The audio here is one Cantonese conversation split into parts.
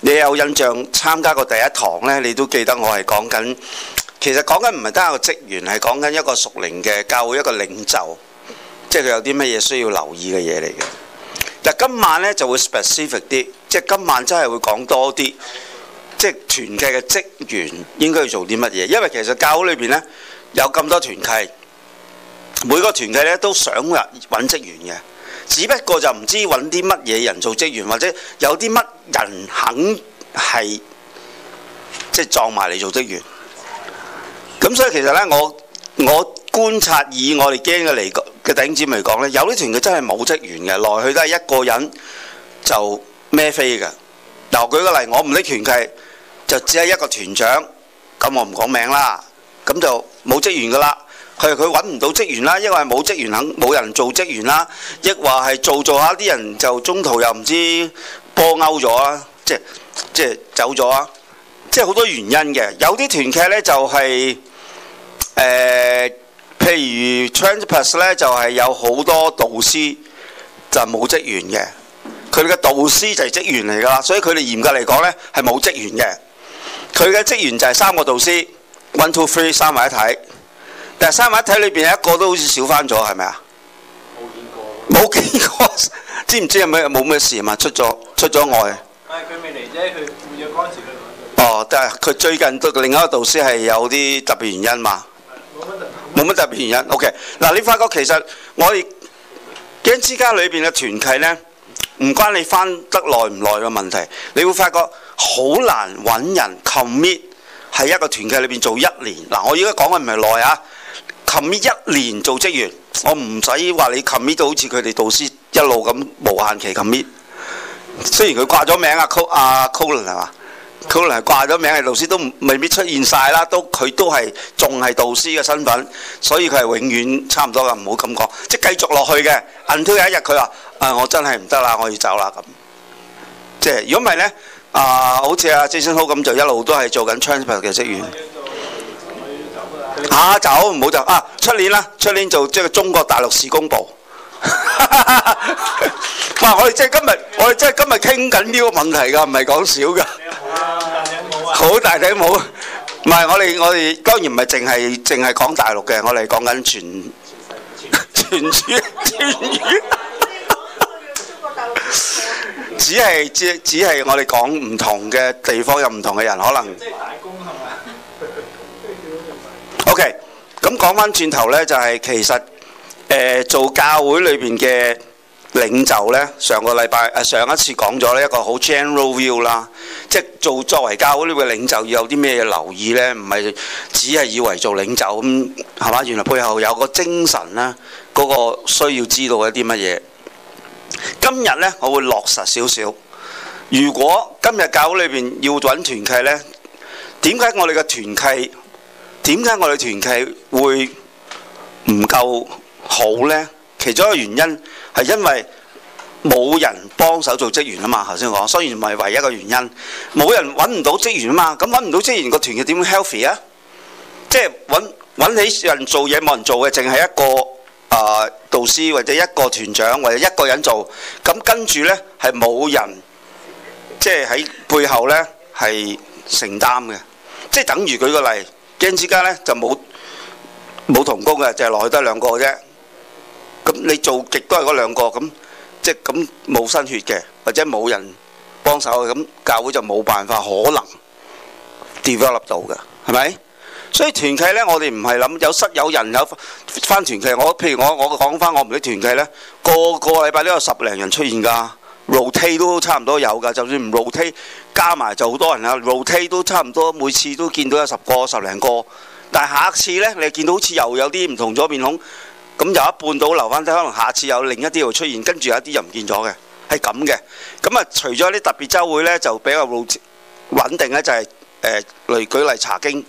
你有印象參加過第一堂呢？你都記得我係講緊，其實講緊唔係單一個職員，係講緊一個熟齡嘅教會一個領袖，即係佢有啲乜嘢需要留意嘅嘢嚟嘅。嗱，今晚呢就會 specific 啲，即係今晚真係會講多啲，即係團契嘅職員應該要做啲乜嘢。因為其實教會裏邊呢，有咁多團契，每個團契呢都想話揾職員嘅。只不過就唔知揾啲乜嘢人做職員，或者有啲乜人肯係即係撞埋嚟做職員。咁所以其實呢，我我觀察以我哋驚嘅嚟嘅頂點嚟講呢，有啲團隊真係冇職員嘅，來去都係一個人就孭飛嘅。嗱，舉個例，我唔拎團契，就只係一個團長，咁我唔講名啦，咁就冇職員噶啦。佢佢揾唔到職員啦，因為冇職員肯，冇人做職員啦，亦話係做做下啲人就中途又唔知波勾咗啊，即即走咗啊，即係好多原因嘅。有啲團劇呢、就係，就、呃、係譬如 transpass 呢，就係有好多導師就冇職員嘅，佢哋嘅導師就係職員嚟噶啦，所以佢哋嚴格嚟講呢，係冇職員嘅。佢嘅職員就係三個導師，one two three，三埋一體。第三位睇裏邊一個都好似少翻咗，係咪啊？冇見過，冇見過，知唔知有咩冇咩事嘛？出咗出咗外。誒，佢未嚟啫，佢顧住嗰陣時。哦，但係佢最近讀另一個導師係有啲特別原因嘛？冇乜特，冇乜特別原因。OK，嗱，你發覺其實我哋基恩之家裏邊嘅團契呢，唔關你翻得耐唔耐嘅問題。你會發覺好難揾人 commit 喺一個團契裏邊做一年。嗱，我而家講嘅唔係耐啊。commit 一年做職員，我唔使話你 commit 都好似佢哋導師一路咁無限期 commit。雖然佢掛咗名 啊，Colin 啊 Colin 係嘛？Colin 係掛咗名係導師，都未必出現晒啦。都佢都係仲係導師嘅身份，所以佢係永遠差唔多㗎，唔好咁講，即係繼續落去嘅。Until 有一日佢話：啊，我真係唔得啦，我要走啦咁。即係如果唔係呢，啊，好似阿 Jason Ho 咁就一路都係做緊 transport 嘅職員。下晝唔好就啊出，啊、年啦出年做即係中國大陸市公布，唔 係，啊、我哋即係今日我哋即係今日傾緊呢個問題噶，唔係講少噶，好、啊、大頂帽啊！好大頂帽、啊，唔係我哋我哋當然唔係淨係淨係講大陸嘅，我哋講緊全全全，全語 世界， 只係只只係我哋講唔同嘅地方有唔同嘅人可能。O.K. 咁講翻轉頭呢，就係、是、其實誒、呃、做教會裏邊嘅領袖呢。上個禮拜、呃、上一次講咗呢一個好 general view 啦，即係做作為教會呢個領袖要有啲咩嘢留意呢？唔係只係以為做領袖咁係嘛？原來背後有個精神呢，嗰、那個需要知道一啲乜嘢。今日呢，我會落實少少。如果今日教會裏邊要揾團契呢，點解我哋嘅團契？點解我哋團契會唔夠好呢？其中一個原因係因為冇人幫手做職員啊嘛。頭先講，雖然唔係唯一個原因，冇人揾唔到職員啊嘛。咁揾唔到職員，個團契點樣 healthy 啊？即係揾起人做嘢，冇人做嘅，淨係一個啊、呃、導師或者一個團長或者一個人做，咁跟住呢，係冇人即係喺背後呢，係承擔嘅，即、就、係、是、等於舉個例。間之間呢就冇冇同工嘅，就係落去得兩個嘅啫。咁你做極都係嗰兩個咁，即係咁冇新血嘅，或者冇人幫手嘅，咁教會就冇辦法可能 develop 到嘅，係咪？所以團契呢，我哋唔係諗有失有人有返團契。我譬如我我講返我哋啲團契呢，個個禮拜都有十零人出現㗎，rotating 都差唔多有㗎，就算唔 rotating。加埋就好多人啦，rotate 都差唔多，每次都見到有十個十零個。但係下一次呢，你見到好似又有啲唔同咗面孔，咁有一半到留翻低，可能下次有另一啲又出現，跟住有一啲又唔見咗嘅，係咁嘅。咁啊，除咗啲特別週會呢，就比較 rotate 穩定呢。就係、是、誒，嚟、呃、舉例查經，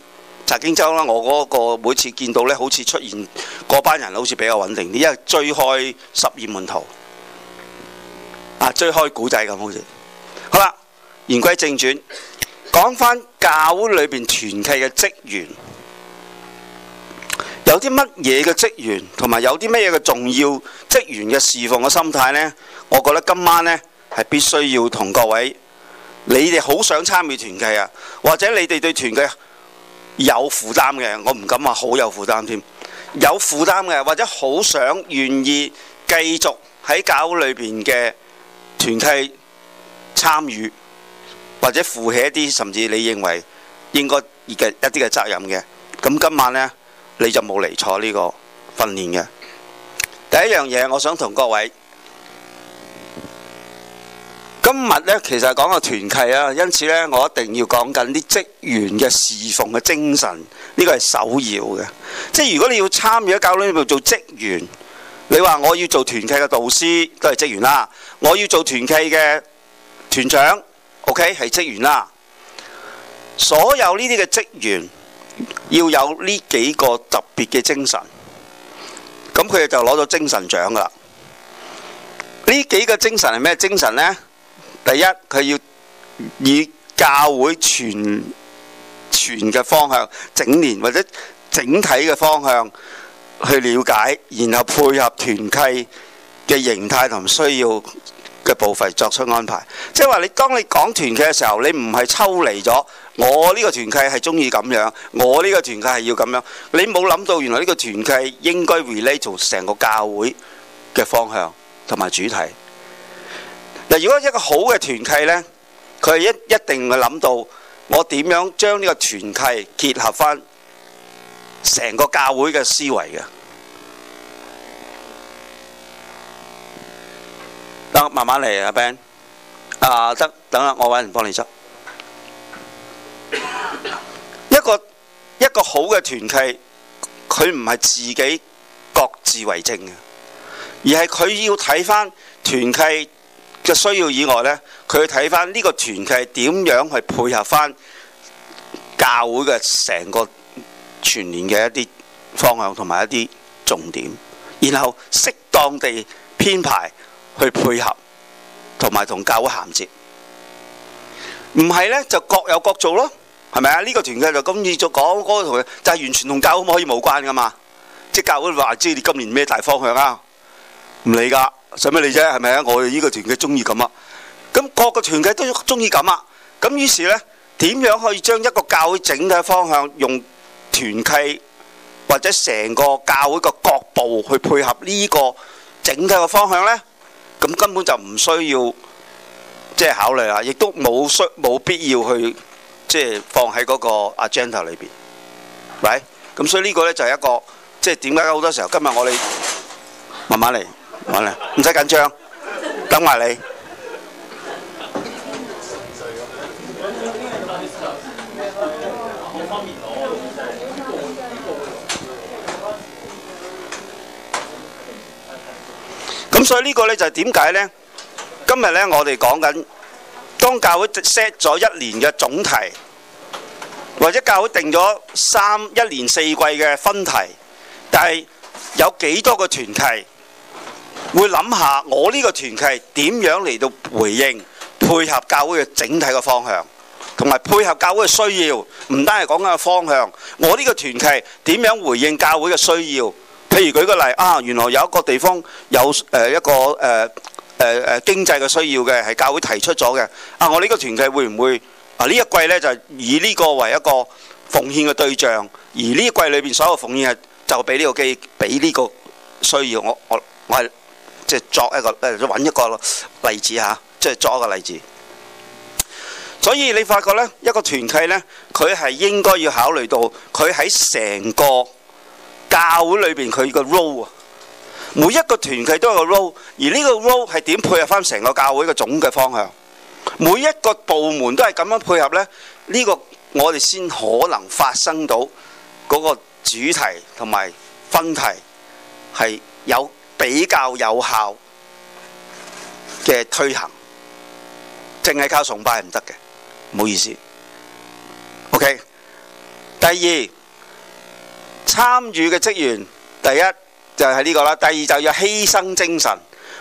查經周啦。我嗰個每次見到呢，好似出現嗰班人好似比較穩定啲，因為追開十二門徒啊，追開古仔咁好似。好啦。好。言歸正傳，講返教會裏邊團契嘅職員，有啲乜嘢嘅職員，同埋有啲咩嘢嘅重要職員嘅侍奉嘅心態呢？我覺得今晚呢，係必須要同各位，你哋好想參與團契啊，或者你哋對團契有負擔嘅，我唔敢話好有負擔添，有負擔嘅，或者好想願意繼續喺教會裏邊嘅團契參與。或者負起一啲，甚至你認為應該嘅一啲嘅責任嘅。咁今晚呢，你就冇嚟坐呢個訓練嘅第一樣嘢。我想同各位今日呢，其實是講個團契啊，因此呢，我一定要講緊啲職員嘅侍奉嘅精神，呢個係首要嘅。即係如果你要參與教會裏面做職員，你話我要做團契嘅導師都係職員啦，我要做團契嘅團長。OK，係職員啦。所有呢啲嘅職員要有呢幾個特別嘅精神，咁佢哋就攞咗精神獎噶啦。呢幾個精神係咩精神呢？第一，佢要以教會全全嘅方向、整年或者整體嘅方向去了解，然後配合團契嘅形態同需要。嘅部分作出安排，即係話，你當你講團契嘅時候，你唔係抽離咗我呢個團契係中意咁樣，我呢個團契係要咁樣，你冇諗到原來呢個團契應該 relate 到成個教會嘅方向同埋主題。嗱，如果一個好嘅團契咧，佢係一一定會諗到我點樣將呢個團契結合翻成個教會嘅思維嘅。得慢慢嚟，阿 Ben 啊，得、uh, 等下，我揾人幫你執一個，一個好嘅團契，佢唔係自己各自為政嘅，而係佢要睇翻團契嘅需要以外呢，佢要睇翻呢個團契點樣去配合翻教會嘅成個全年嘅一啲方向同埋一啲重點，然後適當地編排。去配合同埋同教會銜接，唔係呢，就各有各做咯，係咪啊？呢、這個團契就咁意、那個、就講嗰個同就係完全同教會可以冇關噶嘛？即係教會話知你今年咩大方向啊？唔理㗎，使咩理啫？係咪啊？我哋呢個團契中意咁啊，咁各個團契都中意咁啊。咁於是呢，點樣可以將一個教會整體方向用團契或者成個教會個各部去配合呢個整體個方向呢？咁根本就唔需要，即係考慮啦，亦都冇需冇必要去，即係放喺嗰個 agenda 裏邊，係咪？咁所以呢個呢就係一個，即係點解好多時候今日我哋慢慢嚟，慢慢嚟，唔使緊張，等埋你。所以呢個呢，就係點解呢？今日呢，我哋講緊，當教會 set 咗一年嘅總題，或者教會定咗三一年四季嘅分題，但係有幾多個團契會諗下我呢個團契點樣嚟到回應配合教會嘅整體嘅方向，同埋配合教會嘅需要。唔單係講緊個方向，我呢個團契點樣回應教會嘅需要？譬如舉個例啊，原來有一個地方有誒、呃、一個誒誒誒經濟嘅需要嘅，係教會提出咗嘅。啊，我呢個團契會唔會啊，呢一季呢，就以呢個為一個奉獻嘅對象，而呢一季裏邊所有奉獻係就俾呢個機俾呢個需要。我我我係即係作一個誒搵一個例子嚇，即、啊、係、就是、作一個例子。所以你發覺呢，一個團契呢，佢係應該要考慮到佢喺成個教會裏邊佢個 role 啊，每一個團契都有個 role，而呢個 role 係點配合返成個教會個總嘅方向？每一個部門都係咁樣配合呢，呢個我哋先可能發生到嗰個主題同埋分題係有比較有效嘅推行。淨係靠崇拜係唔得嘅，唔好意思。OK，第二。參與嘅職員，第一就係呢個啦，第二就要犧牲精神，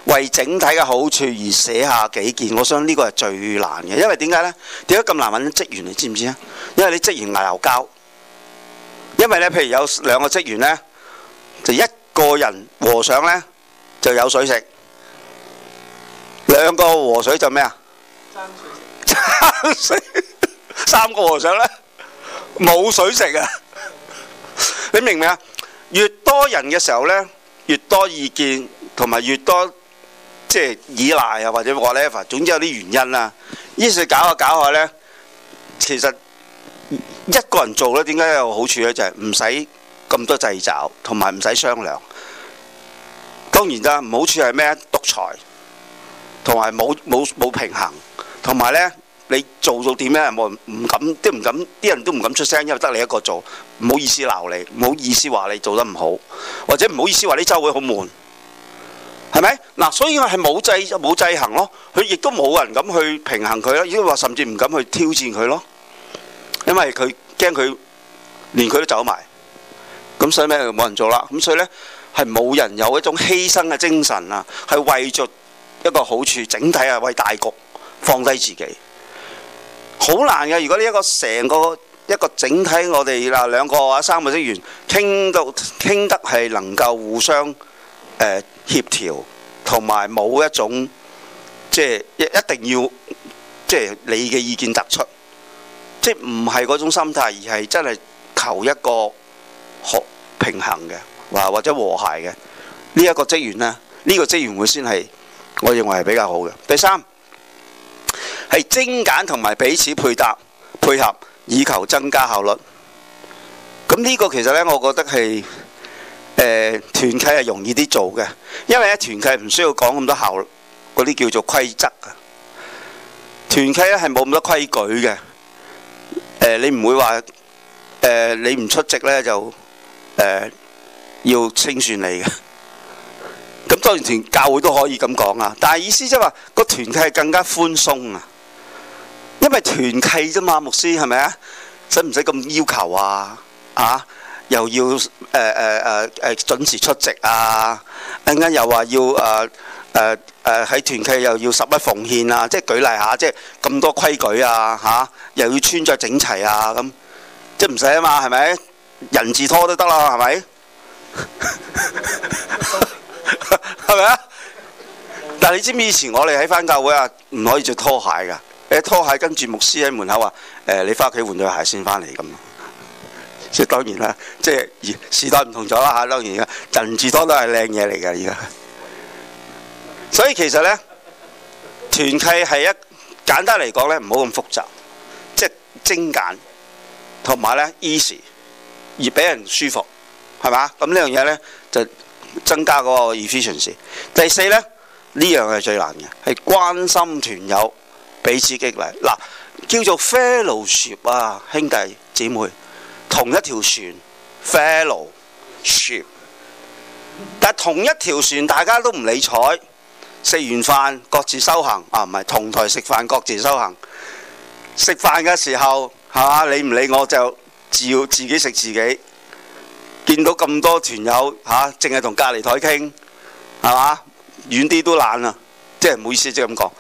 為整體嘅好處而捨下己見。我想呢個係最難嘅，因為點解呢？點解咁難揾職員？你知唔知啊？因為你職員嗌鬧交，因為呢，譬如有兩個職員呢，就一個人和尚呢就有水食，兩個和尚就咩啊？爭水食，三個和尚呢？冇水食啊！你明唔明啊？越多人嘅時候呢，越多意見同埋越多即係依賴啊，或者 whatever，總之有啲原因啦。於是搞下搞下呢，其實一個人做呢，點解有好處呢？就係唔使咁多掣肘，同埋唔使商量。當然啦，唔好處係咩？獨裁同埋冇冇冇平衡，同埋呢。你做到點呢？我唔敢，都唔敢啲人都唔敢出聲，因為得你一個做，唔好意思鬧你，唔好意思話你做得唔好，或者唔好意思話你周會好悶，係咪嗱？所以我係冇制冇制衡咯。佢亦都冇人敢去平衡佢啦，亦都話甚至唔敢去挑戰佢咯，因為佢驚佢連佢都走埋，咁所以咩就冇人做啦。咁所以呢係冇人有一種犧牲嘅精神啊，係為著一個好處，整體係為大局放低自己。好難嘅，如果呢一個成個一個整體，我哋嗱，兩個或者三個職員傾到傾得係能夠互相誒協調，同埋冇一種即係一一定要即係你嘅意見突出，即係唔係嗰種心態，而係真係求一個學平衡嘅，或者和諧嘅呢一個職員呢，呢、呢個職員會先係我認為係比較好嘅。第三。係精簡同埋彼此配搭配合，以求增加效率。咁呢個其實呢，我覺得係誒、呃、團契係容易啲做嘅，因為咧團契唔需要講咁多效率嗰啲叫做規則啊。團契咧係冇咁多規矩嘅，誒、呃、你唔會話誒、呃、你唔出席呢，就誒、呃、要清算你嘅。咁當然團教會都可以咁講啊，但係意思即係話個團契係更加寬鬆啊。因為團契啫嘛，牧師係咪啊？使唔使咁要求啊？啊，又要誒誒誒誒準時出席啊！陣間又話要誒誒誒喺團契又要十一奉獻啊！即係舉例下、啊，即係咁多規矩啊！嚇、啊，又要穿著整齊啊！咁即係唔使啊嘛，係咪？人字拖都得啦，係咪？係咪啊？ 但係你知唔知以前我哋喺翻教會啊，唔可以着拖鞋㗎。誒拖鞋跟住牧師喺門口話、呃：你翻屋企換對鞋先翻嚟咁。即當然啦，即時代唔同咗啦嚇。當然而家人字拖都係靚嘢嚟㗎。而家所以其實咧團契係一簡單嚟講咧，唔好咁複雜，即、就是、精簡同埋咧 easy 而俾人舒服係嘛？咁呢樣嘢咧就增加嗰個 efficiency。第四咧呢樣係最難嘅係關心團友。彼此激勵嗱，叫做 fellowship 啊，兄弟姊妹，同一條船 fellowship，但同一條船大家都唔理睬，食完飯各自修行啊，唔係同台食飯各自修行，食飯嘅時候嚇理唔理我就自自己食自己，見到咁多團友吓，淨係同隔離台傾，係嘛遠啲都懶啊，即係即係唔好意思即係咁講。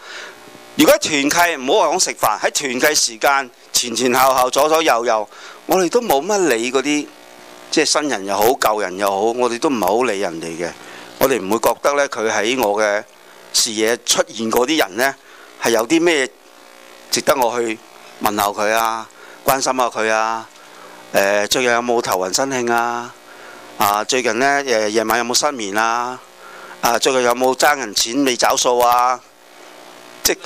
如果喺團契唔好話講食飯，喺團契時間前前後後左左右右，我哋都冇乜理嗰啲，即係新人又好舊人又好，我哋都唔係好理人哋嘅。我哋唔會覺得呢，佢喺我嘅視野出現嗰啲人呢，係有啲咩值得我去問候佢啊、關心下佢啊、呃、最近有冇頭暈身慶啊？啊，最近呢，夜、呃、晚有冇失眠啊？啊，最近有冇爭人錢未找數啊？即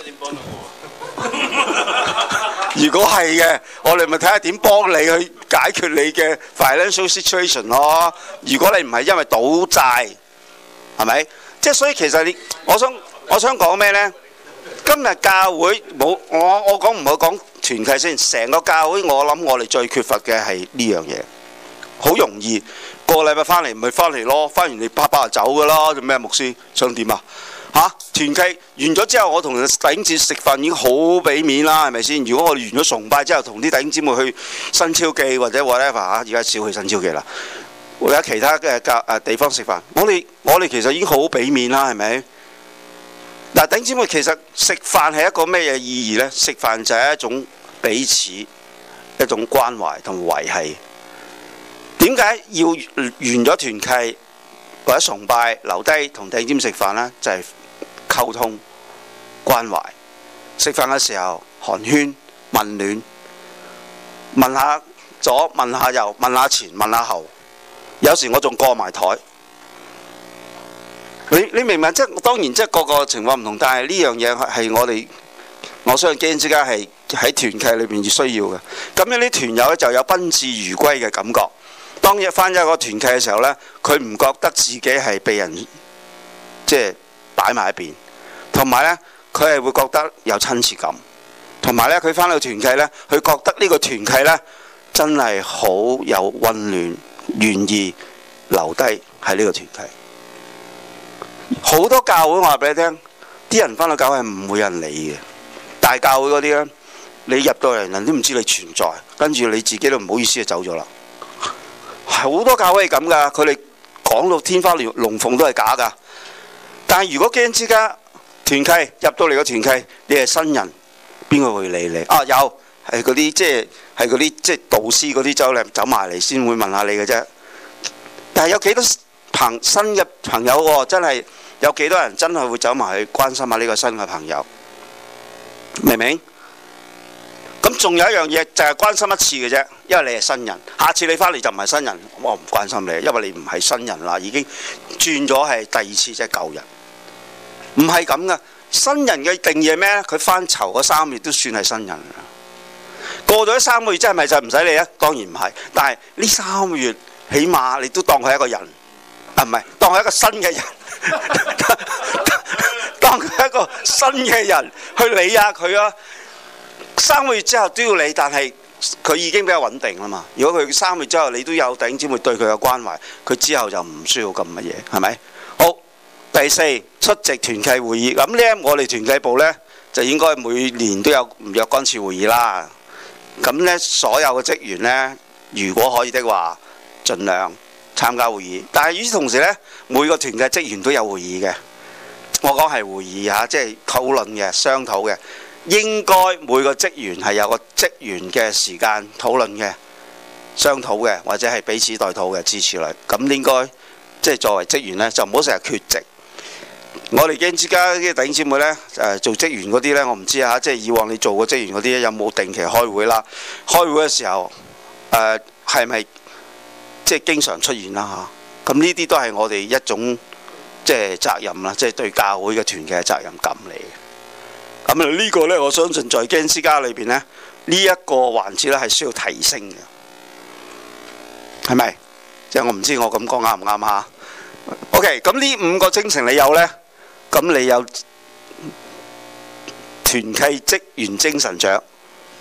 如果係嘅，我哋咪睇下點幫你去解決你嘅 financial situation 咯。如果你唔係因為賭債，係咪？即所以其實，我想我想講咩呢？今日教會冇我，我講唔好講團契先。成個教會，我諗我哋最缺乏嘅係呢樣嘢。好容易，個禮拜翻嚟咪翻嚟咯，翻完嚟啪啪就走噶啦。做咩牧師想點啊？嚇、啊、團契完咗之後，我同弟兄食飯已經好俾面啦，係咪先？如果我完咗崇拜之後，同啲弟兄姊妹去新超記或者 whatever 而、啊、家少去新超記啦，或者其他嘅地方食飯，我哋我哋其實已經好俾面啦，係咪？但、啊、弟兄姊妹其實食飯係一個咩嘢意義呢？食飯就係一種彼此一種關懷同維繫。點解要完咗團契或者崇拜留低同弟兄食飯呢？就係、是。溝通關懷，食飯嘅時候寒暄問暖，問下左問下右問下前問下後，有時我仲過埋台。你你明唔明？即係當然即係個個情況唔同，但係呢樣嘢係我哋，我相信家人之間係喺團契裏邊需要嘅。咁樣啲團友咧就有賓至如歸嘅感覺。當日翻咗個團契嘅時候呢，佢唔覺得自己係被人即係。擺埋一邊，同埋呢，佢係會覺得有親切感，同埋呢，佢翻到團契呢，佢覺得呢個團契呢，真係好有溫暖，願意留低喺呢個團契。好多教會我話俾你聽，啲人翻到教會係唔會有人理嘅，大教會嗰啲呢，你入到嚟人都唔知你存在，跟住你自己都唔好意思就走咗啦。好多教會係咁噶，佢哋講到天花連龍鳳都係假噶。但係如果基恩之家團契入到嚟個團契，你係新人，邊個會理你啊？有係嗰啲即係係嗰啲即係導師嗰啲走嚟走埋嚟先會問下你嘅啫。但係有幾多朋新嘅朋友喎？真係有幾多人真係會走埋去關心下、啊、呢個新嘅朋友？明明？咁仲有一樣嘢就係、是、關心一次嘅啫，因為你係新人。下次你翻嚟就唔係新人，我唔關心你，因為你唔係新人啦，已經轉咗係第二次即係舊人。唔係咁噶，新人嘅定義係咩咧？佢翻籌嗰三個月都算係新人啦。過咗三個月，之後，咪就唔使理啊？當然唔係，但係呢三個月，起碼你都當佢一個人，啊唔係，當佢一個新嘅人， 當佢一個新嘅人去理下佢啊。三個月之後都要理，但係佢已經比較穩定啦嘛。如果佢三個月之後你都有頂尖會對佢嘅關懷，佢之後就唔需要咁乜嘢，係咪？第四，出席團契會議。咁呢我哋團契部呢就應該每年都有唔約三次會議啦。咁呢所有嘅職員呢，如果可以的話，儘量參加會議。但係與此同時呢，每個團契職員都有會議嘅。我講係會議吓，即係討論嘅、商討嘅，應該每個職員係有個職員嘅時間討論嘅、商討嘅，或者係彼此代禱嘅支持率。咁應該即係作為職員呢，就唔好成日缺席。我哋基恩之家啲弟兄姊妹咧、呃，做職員嗰啲咧，我唔知嚇，即係以往你做過職員嗰啲有冇定期開會啦？開會嘅時候，誒係咪即係經常出現啦？嚇，咁呢啲都係我哋一種即係責任啦，即係對教會嘅團嘅責任感嚟。咁啊，呢個咧，我相信在基恩之家裏面咧，呢、這、一個環節咧係需要提升嘅，係咪？即係我唔知我咁講啱唔啱嚇？OK，咁呢五個精神你有咧？咁你有團契職員精神獎，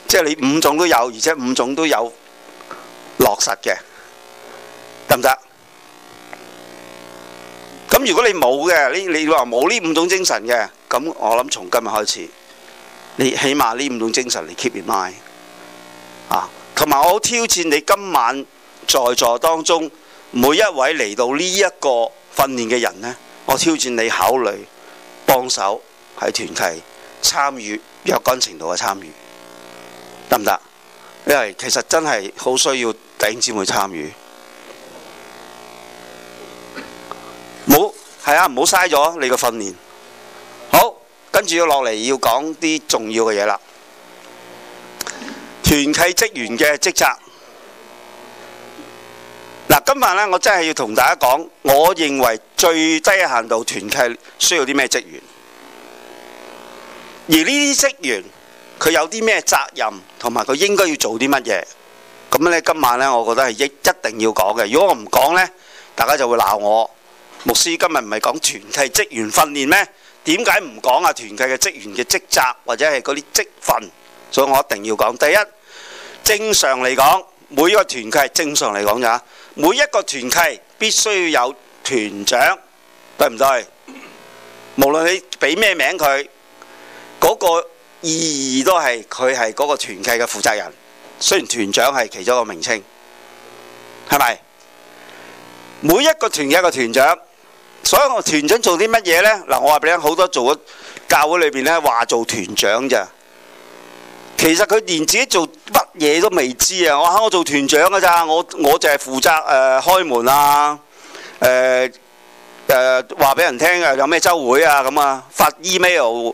即係你五種都有，而且五種都有落實嘅，得唔得？咁如果你冇嘅，你你話冇呢五種精神嘅，咁我諗從今日開始，你起碼呢五種精神嚟 keep in mind 啊，同埋我好挑戰你今晚在座當中每一位嚟到呢一個訓練嘅人呢，我挑戰你考慮。幫手喺團契參與，若干程度嘅參與得唔得？因為其實真係好需要弟兄姊妹參與，冇係啊，唔好嘥咗你個訓練。好，跟住要落嚟要講啲重要嘅嘢啦。團契職員嘅職責嗱，今晚咧我真係要同大家講，我認為。最低限度團契需要啲咩職員？而呢啲職員佢有啲咩責任，同埋佢應該要做啲乜嘢？咁呢，今晚呢，我覺得係一一定要講嘅。如果我唔講呢，大家就會鬧我。牧師今日唔係講團契職員訓練咩？點解唔講啊？團契嘅職員嘅職責或者係嗰啲職分，所以我一定要講。第一，正常嚟講，每一個團契係正常嚟講咋，每一個團契必須要有。團長對唔對？無論你俾咩名佢，嗰、那個意義都係佢係嗰個團契嘅負責人。雖然團長係其中一個名稱，係咪？每一個團嘅一個團長，所以我團長做啲乜嘢呢？嗱，我話俾你聽，好多做嘅教會裏邊呢，話做團長咋，其實佢連自己做乜嘢都未知啊！我話我做團長㗎咋？我我就係負責誒、呃、開門啊！誒誒話俾人聽啊！有咩週會啊？咁啊，發 email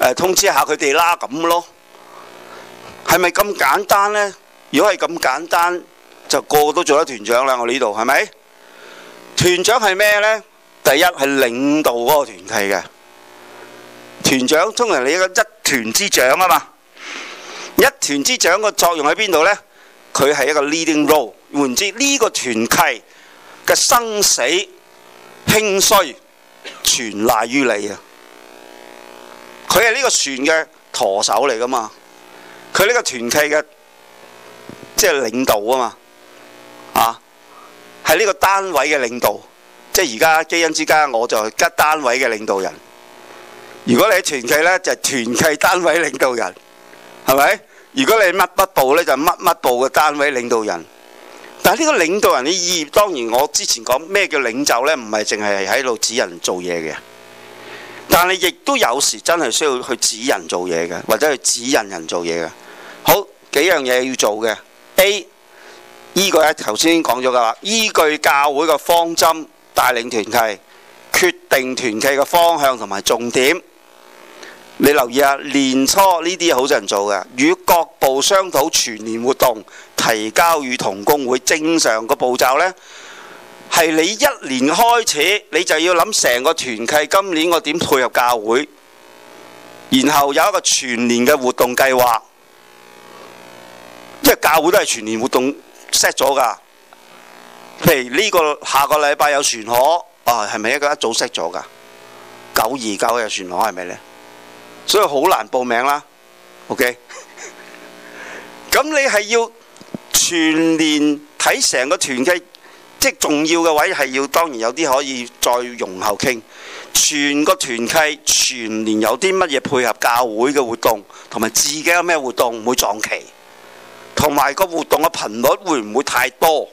誒通知下佢哋啦，咁咯，係咪咁簡單呢？如果係咁簡單，就個個都做得團長啦。我呢度係咪團長係咩呢？第一係領導嗰個團契嘅團長，通常你一個一團之長啊嘛。一團之長嘅作用喺邊度呢？佢係一個 leading role，換言之呢個團契。嘅生死興衰全賴於你啊！佢係呢個船嘅舵手嚟㗎嘛？佢呢個團契嘅即係領導啊嘛！啊，係呢個單位嘅領導，即係而家基恩之家，我就係單位嘅領導人。如果你係團契咧，就係、團契單位領導人，係咪？如果你乜乜部咧，就乜、係、乜部嘅單位領導人。但係呢個領導人嘅意義，當然我之前講咩叫領袖呢，唔係淨係喺度指人做嘢嘅。但係亦都有時真係需要去指人做嘢嘅，或者去指引人人做嘢嘅。好幾樣嘢要做嘅。A 依個係頭先講咗㗎啦，依據教會嘅方針，帶領團契，決定團契嘅方向同埋重點。你留意啊，年初呢啲好多人做嘅，與各部商討全年活動。提交與同工會正常個步驟呢，係你一年開始，你就要諗成個團契今年我點配合教會，然後有一個全年嘅活動計劃，因為教會都係全年活動 set 咗噶。譬如呢個下個禮拜有船河，啊係咪一個一早 set 咗噶？九二九有船河係咪呢？所以好難報名啦。OK，咁 你係要。全年睇成個團契，即重要嘅位係要，當然有啲可以再容後傾。全個團契全年有啲乜嘢配合教會嘅活動，同埋自己有咩活動唔會撞期，同埋個活動嘅頻率會唔會太多？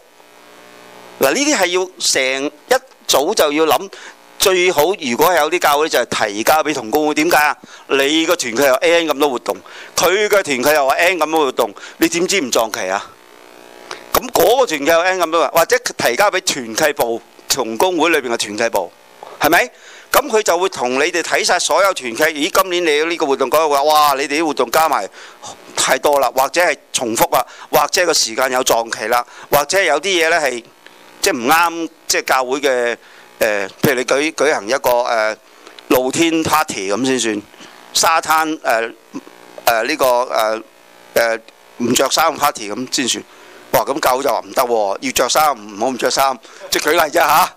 嗱，呢啲係要成一早就要諗，最好如果係有啲教會就係提交俾同工會。點解啊？你個團契又 n 咁多活動，佢嘅團契又 n 咁多活動，你點知唔撞期啊？咁、那、嗰個團契有 n 咁多，或者提交俾團契部從工會裏邊嘅團契部，係咪？咁佢就會同你哋睇晒所有團契。咦，今年你呢個活動講話哇，你哋啲活動加埋太多啦，或者係重複啊，或者個時間有撞期啦，或者有啲嘢咧係即係唔啱，即係教會嘅誒、呃，譬如你舉舉行一個誒、呃、露天 party 咁先算，沙灘誒誒呢個誒誒唔着衫 party 咁先算。哇！咁教就話唔得喎，要著衫，唔好唔著衫。即係舉例啫吓。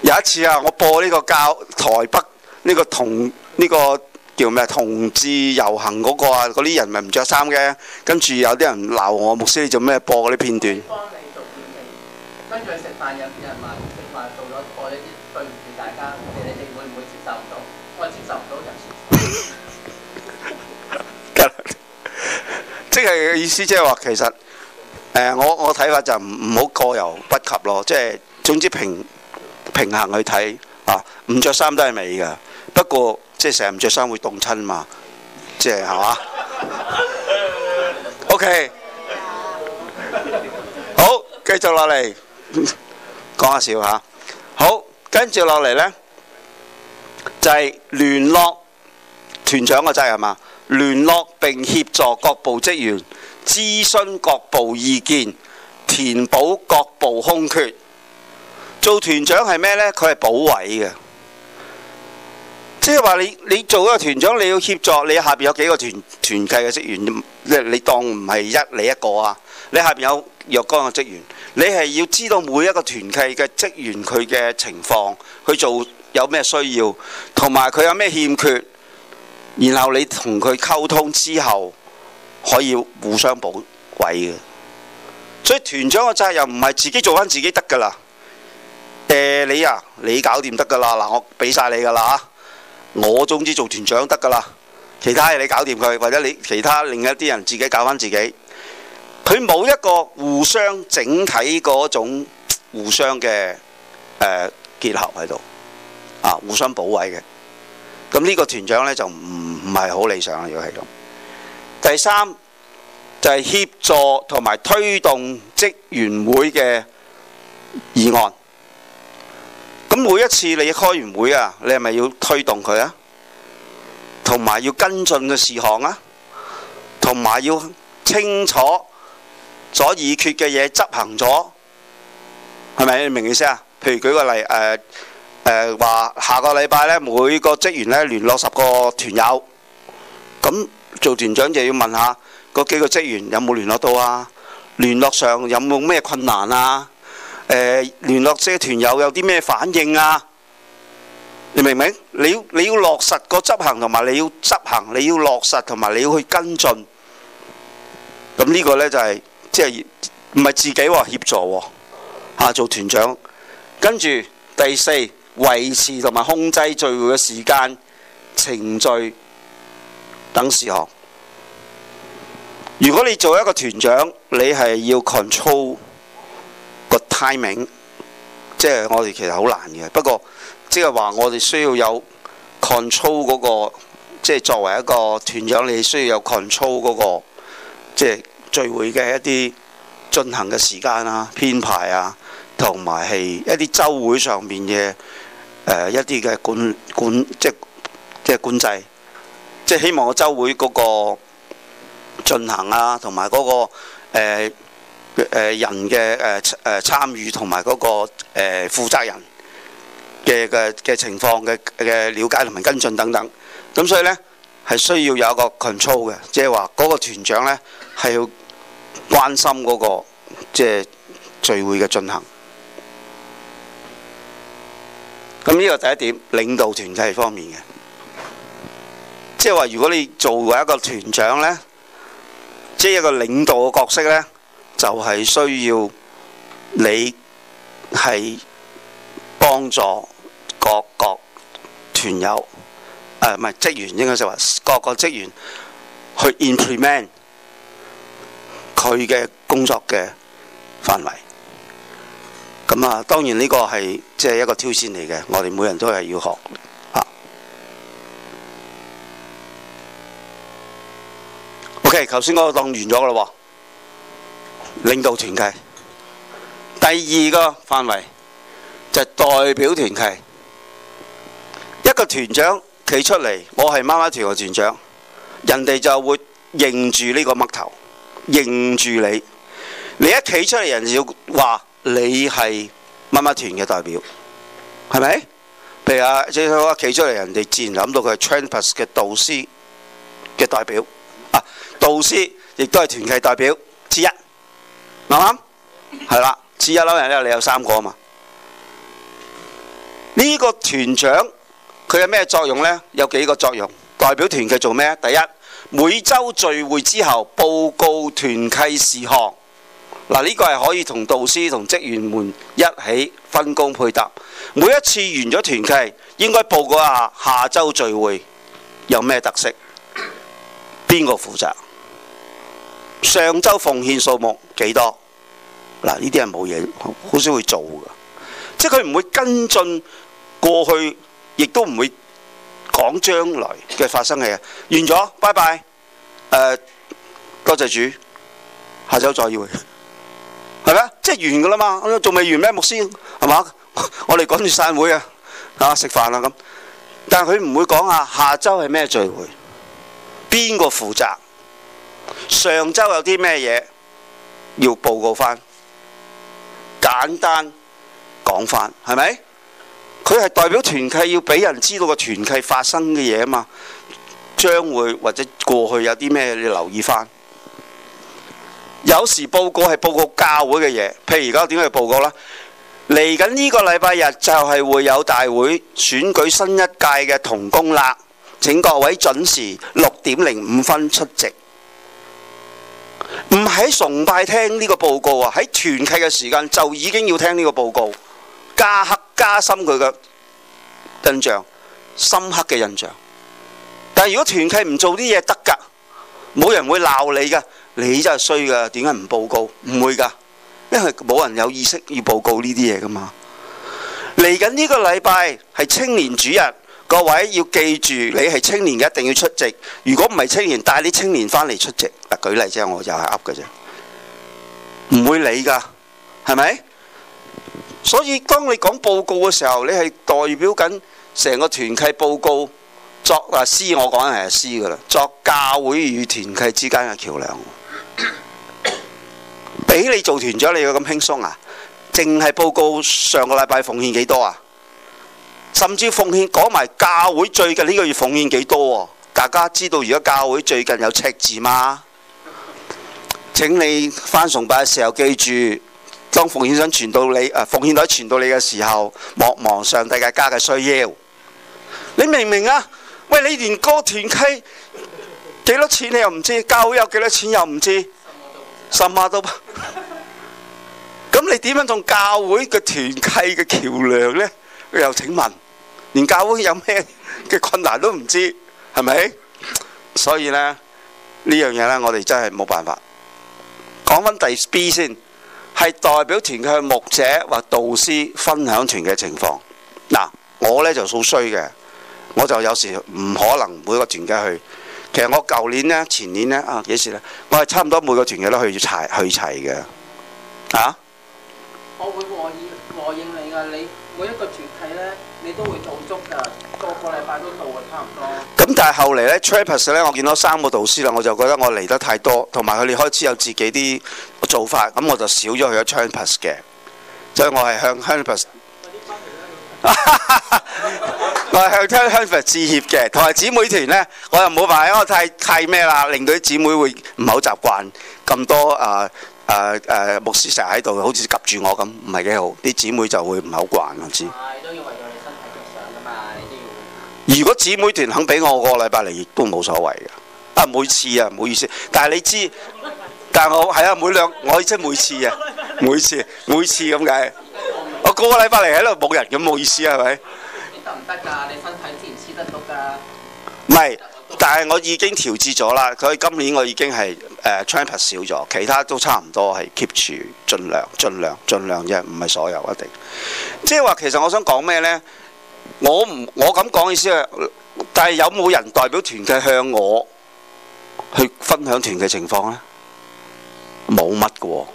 有一次啊，我播呢個教台北呢個同呢個叫咩啊，同志遊行嗰個啊，嗰啲人咪唔著衫嘅。跟住有啲人鬧我，牧師你做咩播嗰啲片段？即係意思就是，即係話其實，誒、呃、我我睇法就唔唔好過猶不及咯。即、就、係、是、總之平平衡去睇嚇，唔着衫都係美噶。不過即係成日唔着衫會凍親嘛，即係係嘛？OK，好，繼續落嚟講下笑嚇。好，跟住落嚟咧，就係、是、聯絡團長個制係嘛？聯絡並協助各部職員，諮詢各部意見，填補各部空缺。做團長係咩呢？佢係補位嘅，即係話你你做一個團長，你要協助你下邊有幾個團團契嘅職員，即係你當唔係一你一個啊？你下邊有若干個職員，你係要知道每一個團契嘅職員佢嘅情況，佢做有咩需要，同埋佢有咩欠缺。然後你同佢溝通之後，可以互相補位。嘅。所以團長嘅責任唔係自己做翻自己得㗎啦。誒你啊，你搞掂得㗎啦。嗱我畀晒你㗎啦。我總之做團長得㗎啦。其他嘢你搞掂佢，或者你其他另一啲人自己搞翻自己。佢冇一個互相整體嗰種互相嘅誒、呃、結合喺度、啊、互相補位嘅。咁呢個團長呢就唔唔係好理想啦，如果係咁。第三就係協助同埋推動職員會嘅議案。咁每一次你開完會啊，你係咪要推動佢啊？同埋要跟進嘅事項啊，同埋要清楚咗議決嘅嘢執行咗，係咪明唔明意思啊？譬如舉個例誒。誒，話下個禮拜每個職員咧聯絡十個團友，咁做團長就要問下個幾個職員有冇聯絡到啊？聯絡上有冇咩困難啊？聯絡這些團友有啲咩反應啊？你明唔明？你要你要落實個執行同埋你要執行，你要落實同埋你要去跟進。咁呢個呢、就係，就係即係唔係自己協助喎，吓、啊、做團長。跟住第四，維持同埋控制聚會嘅時間、程序等事項。如果你做一個團長，你係要 control 個 timing，即係我哋其實好難嘅。不過即係話我哋需要有 control 嗰個，即係作為一個團長，你需要有 control 嗰個，即係聚會嘅一啲進行嘅時間啊、編排啊，同埋係一啲周會上面嘅。呃、一啲嘅管管即係即係管制，即係希望州個週會個進行啊，同埋、嗰個誒誒、呃呃、人嘅誒誒參與同埋個誒負、呃、責人嘅嘅嘅情況嘅嘅了解同埋跟進等等。咁所以咧係需要有一個 control 嘅，即係話個團長咧係要關心、嗰個即係聚會嘅進行。咁呢個第一點，領導團體方面嘅，即係話如果你作為一個團長呢，即係一個領導嘅角色呢，就係需要你係幫助各個團友，誒唔係職員應該就話各個職員去 implement 佢嘅工作嘅範圍。咁啊，當然呢個係即係一個挑戰嚟嘅，我哋每人都係要學的、啊、OK，頭先嗰個當完咗啦喎，領導團契。第二個範圍就係、是、代表團契，一個團長企出嚟，我係媽媽團嘅團長，人哋就會認住呢個嘜頭，認住你。你一企出嚟，人就要話。你係乜乜團嘅代表，係咪？譬如啊，即係我企出嚟，人哋自然諗到佢係 Trampus 嘅導師嘅代表啊。導師亦都係團契代表之一，啱唔啱？係啦，之一撈人咧，你有三個啊嘛。呢個團長佢有咩作用咧？有幾個作用？代表團契做咩？第一，每週聚會之後報告團契事項。嗱，呢個係可以同導師同職員們一起分工配搭。每一次完咗團契，應該報告下下周聚會有咩特色，邊個負責？上週奉獻數目幾多？嗱，呢啲係冇嘢好少會做㗎，即係佢唔會跟進過去，亦都唔會講將來嘅發生嘅。完咗，拜拜，呃，多謝主，下週再會。係咩？即係完噶啦嘛，仲未完咩？牧師係嘛？我哋趕住散會啊！啊，食飯啦、啊、咁。但係佢唔會講啊，下周係咩聚會？邊個負責？上周有啲咩嘢要報告翻？簡單講返，係咪？佢係代表團契要俾人知道個團契發生嘅嘢啊嘛，將會或者過去有啲咩你留意翻。有時報告係報告教會嘅嘢，譬如而家點去報告啦？嚟緊呢個禮拜日就係會有大會選舉新一屆嘅同工啦，請各位準時六點零五分出席。唔喺崇拜聽呢個報告啊，喺團契嘅時間就已經要聽呢個報告，加刻加深佢嘅印象，深刻嘅印象。但係如果團契唔做啲嘢得噶，冇人會鬧你噶。你真係衰噶，點解唔報告？唔會噶，因為冇人有意識要報告呢啲嘢噶嘛。嚟緊呢個禮拜係青年主日，各位要記住，你係青年一定要出席。如果唔係青年，帶啲青年返嚟出席。嗱，舉例啫，我又係噏嘅啫，唔會理噶，係咪？所以當你講報告嘅時候，你係代表緊成個團契報告作啊師，我講係師噶啦，作教會與團契之間嘅橋梁。俾 你做團長，你要咁輕鬆啊？淨係報告上個禮拜奉獻幾多啊？甚至奉獻講埋教會最近呢個月奉獻幾多啊？大家知道而家教會最近有赤字嗎？請你返崇拜嘅時候記住，當奉獻箱傳到你誒、呃，奉獻袋傳到你嘅時候，莫忘上帝嘅家嘅需要。你明唔明啊？喂，你連歌團契。幾多錢你又唔知？教會有幾多錢又唔知，咩都咁，你點樣同教會嘅團契嘅橋樑呢？又請問，連教會有咩嘅困難都唔知，係咪？所以呢呢樣嘢呢，我哋真係冇辦法講翻第 B 先係代表團契嘅牧者或導師分享團嘅情況嗱。我呢就數衰嘅，我就有時唔可能每個團契去。其實我舊年呢，前年呢，啊，幾時呢？我係差唔多每個團嘅都去齊去齊嘅啊！我會和應你噶，你每一個團體呢，你都會做足噶，個個禮拜都到嘅，差唔多。咁、嗯、但係後嚟呢 Trampers 咧，我見到三個導師啦，我就覺得我嚟得太多，同埋佢哋開始有自己啲做法，咁我就少咗去咗 Trampers 嘅，所以我係向，向 我係向聽香佛致歉嘅，同埋姊妹團咧，我就冇辦法，因為太太咩啦，令到啲姊妹會唔好習慣咁多啊啊啊牧師成日喺度，好似及住我咁，唔係幾好，啲姊妹就會唔好慣我知。都要為咗你身體着想嘅嘛。如果姊妹團肯俾我，我個禮拜嚟，亦都冇所謂嘅。啊，每次啊，唔好意思，但係你知，但係我係啊，每兩我可以即係每次啊，哎呀嗯嗯嗯、每次每次咁解。我個個禮拜嚟喺度冇人咁冇意思係咪？得唔得㗎？你身體之前知得到㗎？唔係，但係我已經調節咗啦。所以今年我已經係誒 train 少咗，其他都差唔多係 keep 住，儘量、儘量、儘量啫，唔係所有一定。即係話其實我想講咩咧？我唔我咁講意思係，但係有冇人代表團體向我去分享團嘅情況咧？冇乜嘅喎。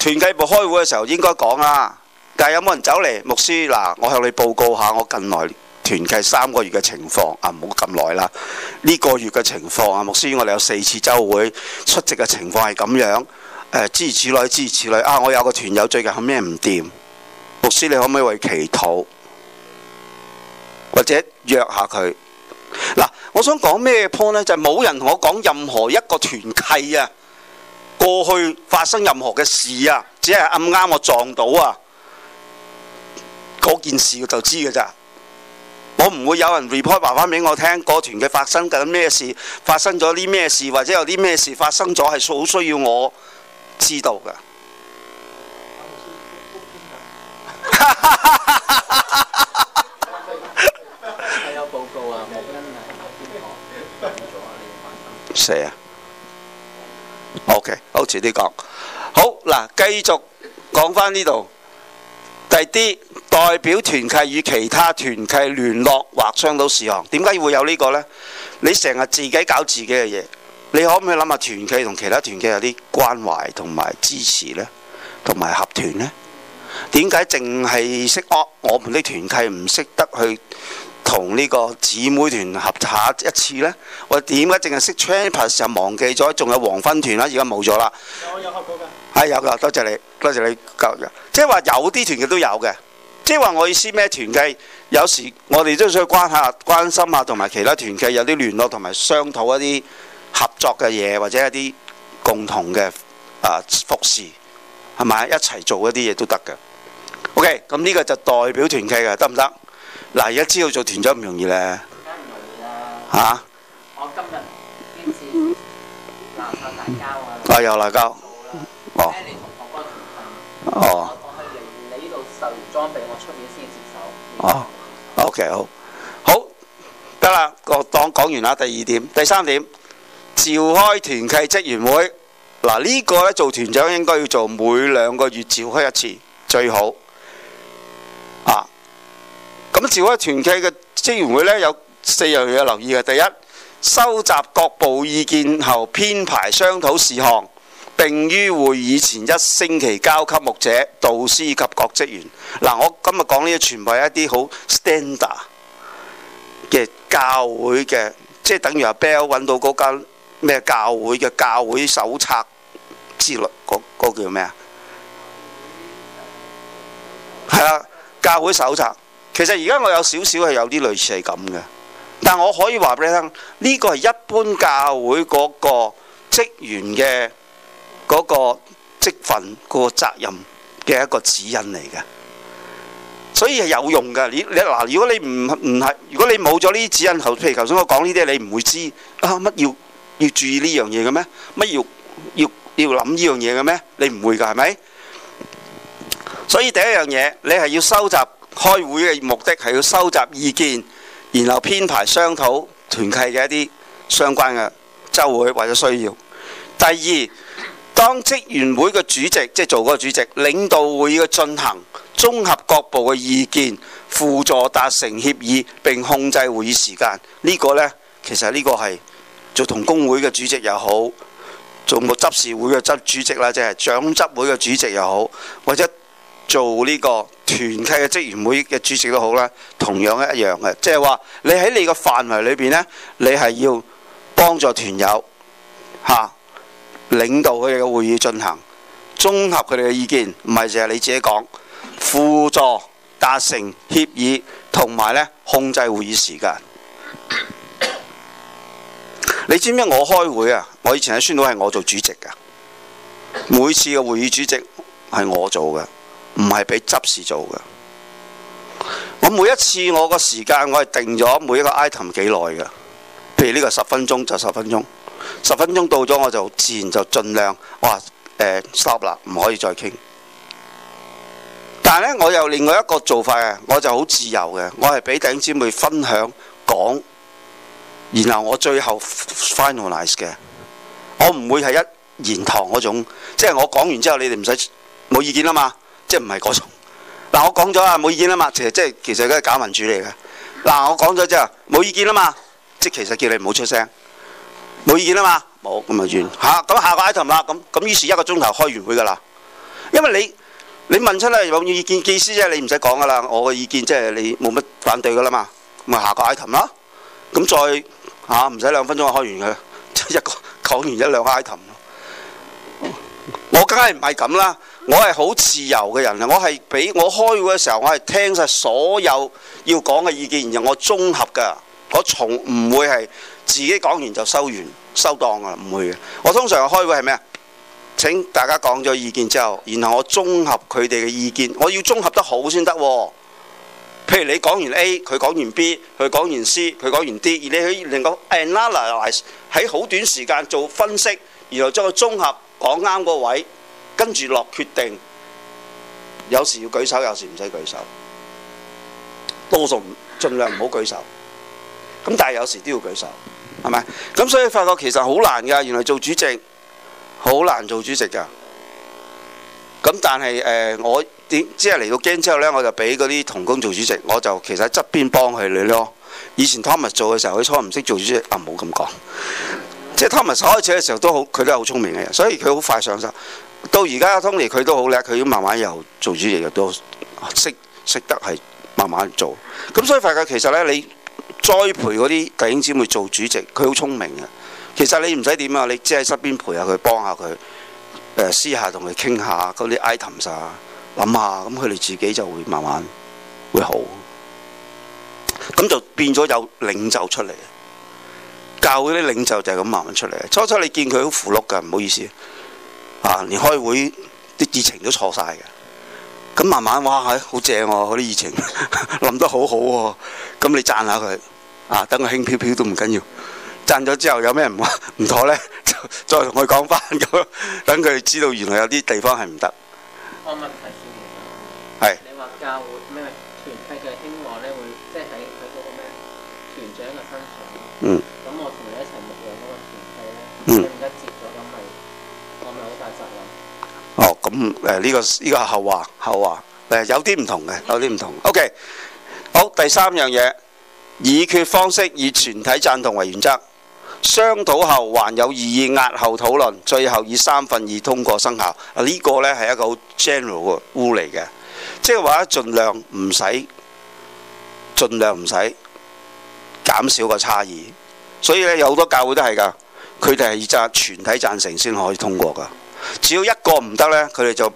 團契部開會嘅時候應該講啊。但係有冇人走嚟？牧師嗱，我向你報告下我近來團契三個月嘅情況啊，唔好咁耐啦，呢個月嘅情況啊，牧師我哋有四次週會出席嘅情況係咁樣，誒諸如此類諸如此類啊，我有個團友最近係咩唔掂，牧師你可唔可以為祈禱，或者約下佢？嗱，我想講咩 point 咧？就係冇人同我講任何一個團契啊！過去發生任何嘅事啊，只係啱啱我撞到啊，嗰件事我就知㗎咋。我唔會有人 report 話翻俾我聽個團嘅發生緊咩事，發生咗啲咩事，或者有啲咩事發生咗係好需要我知道㗎。哈 係有報告啊，哈哈！哈哈！哈哈！誰啊？Okay, o K，好似啲講好嗱，繼續講翻呢度。第啲代表團契與其他團契聯絡或商討事項，點解會有呢個呢？你成日自己搞自己嘅嘢，你可唔可以諗下團契同其他團契有啲關懷同埋支持呢？同埋合團呢？點解淨係識惡我哋啲團契，唔識得去？同呢個姊妹團合作一,一次呢，我點解淨係識 t r a p e z 就忘記咗？仲有黃昏團啦，而家冇咗啦。有我有學過㗎。係、哎、有㗎，多謝你，多謝你，多謝你。即係話有啲團嘅都有嘅。即係話我意思咩？團契有時我哋都需要關下關心下，同埋其他團契有啲聯絡，同埋商討一啲合作嘅嘢，或者一啲共同嘅啊、呃、服侍係咪一齊做一啲嘢都得㗎？OK，咁呢個就代表團契嘅，得唔得？嗱，而家知道做團長唔容易咧，梗唔容易啦嚇，我今日堅持鬧下大交啊！啊，又鬧交，哦，哦，我係嚟你呢度受完裝備，我出面先接手。哦，OK，好，好得啦，我當講完啦。第二點，第三點，召開團契職員會。嗱，呢個咧做團長應該要做每兩個月召開一次，最好啊。咁召開團契嘅職員會呢，有四樣嘢要留意嘅。第一，收集各部意見後編排商討事項，並於會議前一星期交給牧者、導師及各職員。嗱，我今日講呢啲全部係一啲好 standard 嘅教會嘅，即係等於阿 Bell 揾到嗰間咩教會嘅教會手冊之類，嗰嗰叫咩啊？係啊，教會手冊。其實而家我有少少係有啲類似係咁嘅，但我可以話俾你聽，呢個係一般教會嗰個職員嘅嗰個職份嗰個責任嘅一個指引嚟嘅，所以係有用㗎。你你嗱，如果你唔唔係，如果你冇咗呢啲指引，頭譬如頭先我講呢啲，你唔會知啊乜要要注意呢樣嘢嘅咩？乜要要要諗呢樣嘢嘅咩？你唔會㗎，係咪？所以第一樣嘢，你係要收集。開會嘅目的係要收集意見，然後編排商討團契嘅一啲相關嘅周會或者需要。第二，當職員會嘅主席，即係做個主席領導會嘅進行，綜合各部嘅意見，輔助達成協議並控制會議時間。呢個呢，其實呢個係做同工會嘅主席又好，做個執事會嘅執主席啦，即係長執會嘅主席又好，或者，做呢個團契嘅職員會嘅主席都好啦，同樣一樣嘅，即係話你喺你個範圍裏邊呢，你係要幫助團友嚇、啊、領導佢哋嘅會議進行，綜合佢哋嘅意見，唔係淨係你自己講，輔助達成協議，同埋呢控制會議時間。你知唔知我開會啊？我以前喺宣老係我做主席噶，每次嘅會議主席係我做嘅。唔係俾執事做噶。我每一次我個時間，我係定咗每一個 item 幾耐噶。譬如呢個十分鐘就十分鐘，十分鐘到咗我就自然就盡量哇誒，呃、stop 啦，唔可以再傾。但係呢，我有另外一個做法，我就好自由嘅。我係俾頂姐妹分享講，然後我最後 finalize 嘅，我唔會係一言堂嗰種，即係我講完之後，你哋唔使冇意見啦嘛。即係唔係嗰種嗱，我講咗啊，冇意見啊嘛，其實即係其實都係假民主嚟嘅嗱，我講咗之後冇意見啊嘛，即係其實叫你唔好出聲，冇意見啊嘛，冇咁咪轉嚇，咁下個 item 啦，咁咁於是，一個鐘頭開完會㗎啦，因為你你問出嚟有冇意見，意思即係你唔使講㗎啦，我嘅意見即係你冇乜反對㗎啦嘛，咪下個 item 咯，咁再嚇唔使兩分鐘就開完㗎，即係一個講完一兩個 item 咯，我梗係唔係咁啦。我係好自由嘅人，我係俾我開會嘅時候，我係聽晒所有要講嘅意見，然後我綜合㗎，我從唔會係自己講完就收完收檔㗎喇，唔會嘅。我通常開會係咩啊？請大家講咗意見之後，然後我綜合佢哋嘅意見，我要綜合得好先得喎。譬如你講完 A，佢講完 B，佢講完 C，佢講完 D，而你去令個 analyse 喺好短時間做分析，然後將佢綜合講啱個位。跟住落決定，有時要舉手，有時唔使舉手。多數盡量唔好舉手。咁但係有時都要舉手，係咪？咁所以發覺其實好難㗎。原來做主席好難做主席㗎。咁但係誒、呃，我點即係嚟到 game 之後呢，我就俾嗰啲同工做主席，我就其實側邊幫佢哋咯。以前 Thomas 做嘅時候，佢初唔識做主席，啊唔好咁講，即係 Thomas 初開始嘅時候都好，佢都係好聰明嘅人，所以佢好快上手。到而家阿 Tony 佢都好叻，佢都慢慢又做主席，又都識識得係慢慢做。咁所以發覺其實咧，你栽培嗰啲弟兄姊妹做主席，佢好聰明嘅。其實你唔使點啊，你只係身邊陪下佢，幫一下佢，誒私下同佢傾下嗰啲 item 曬，諗下，咁佢哋自己就會慢慢會好。咁就變咗有領袖出嚟，教嗰啲領袖就係咁慢慢出嚟。初初你見佢好符碌㗎，唔好意思。啊！連開會啲熱情都錯晒嘅，咁慢慢哇，唉、哎，啊、好正、啊、喎！嗰啲熱情諗得好好喎，咁你讚下佢，啊，等佢輕飄飄都唔緊要，讚咗之後有咩唔唔妥呢？就再同佢講翻，咁等佢知道原來有啲地方係唔得。個問題係咩啊？係你話教會咩？團體嘅興和呢，會即係喺佢嗰個咩團長嘅身上。嗯。嗯，呢、這個呢、這個是後話後話，誒有啲唔同嘅，有啲唔同，的有點不同的。OK，好，第三樣嘢，議決方式以全體贊同為原則，商討後還有異議押後討論，最後以三分二通過生效。呢、這個呢係一個好 general 嘅污嚟嘅，即係話盡量唔使，盡量唔使減少個差異。所以咧有好多教會都係㗎，佢哋係贊全體贊成先可以通過㗎。只要一個唔得呢，佢哋就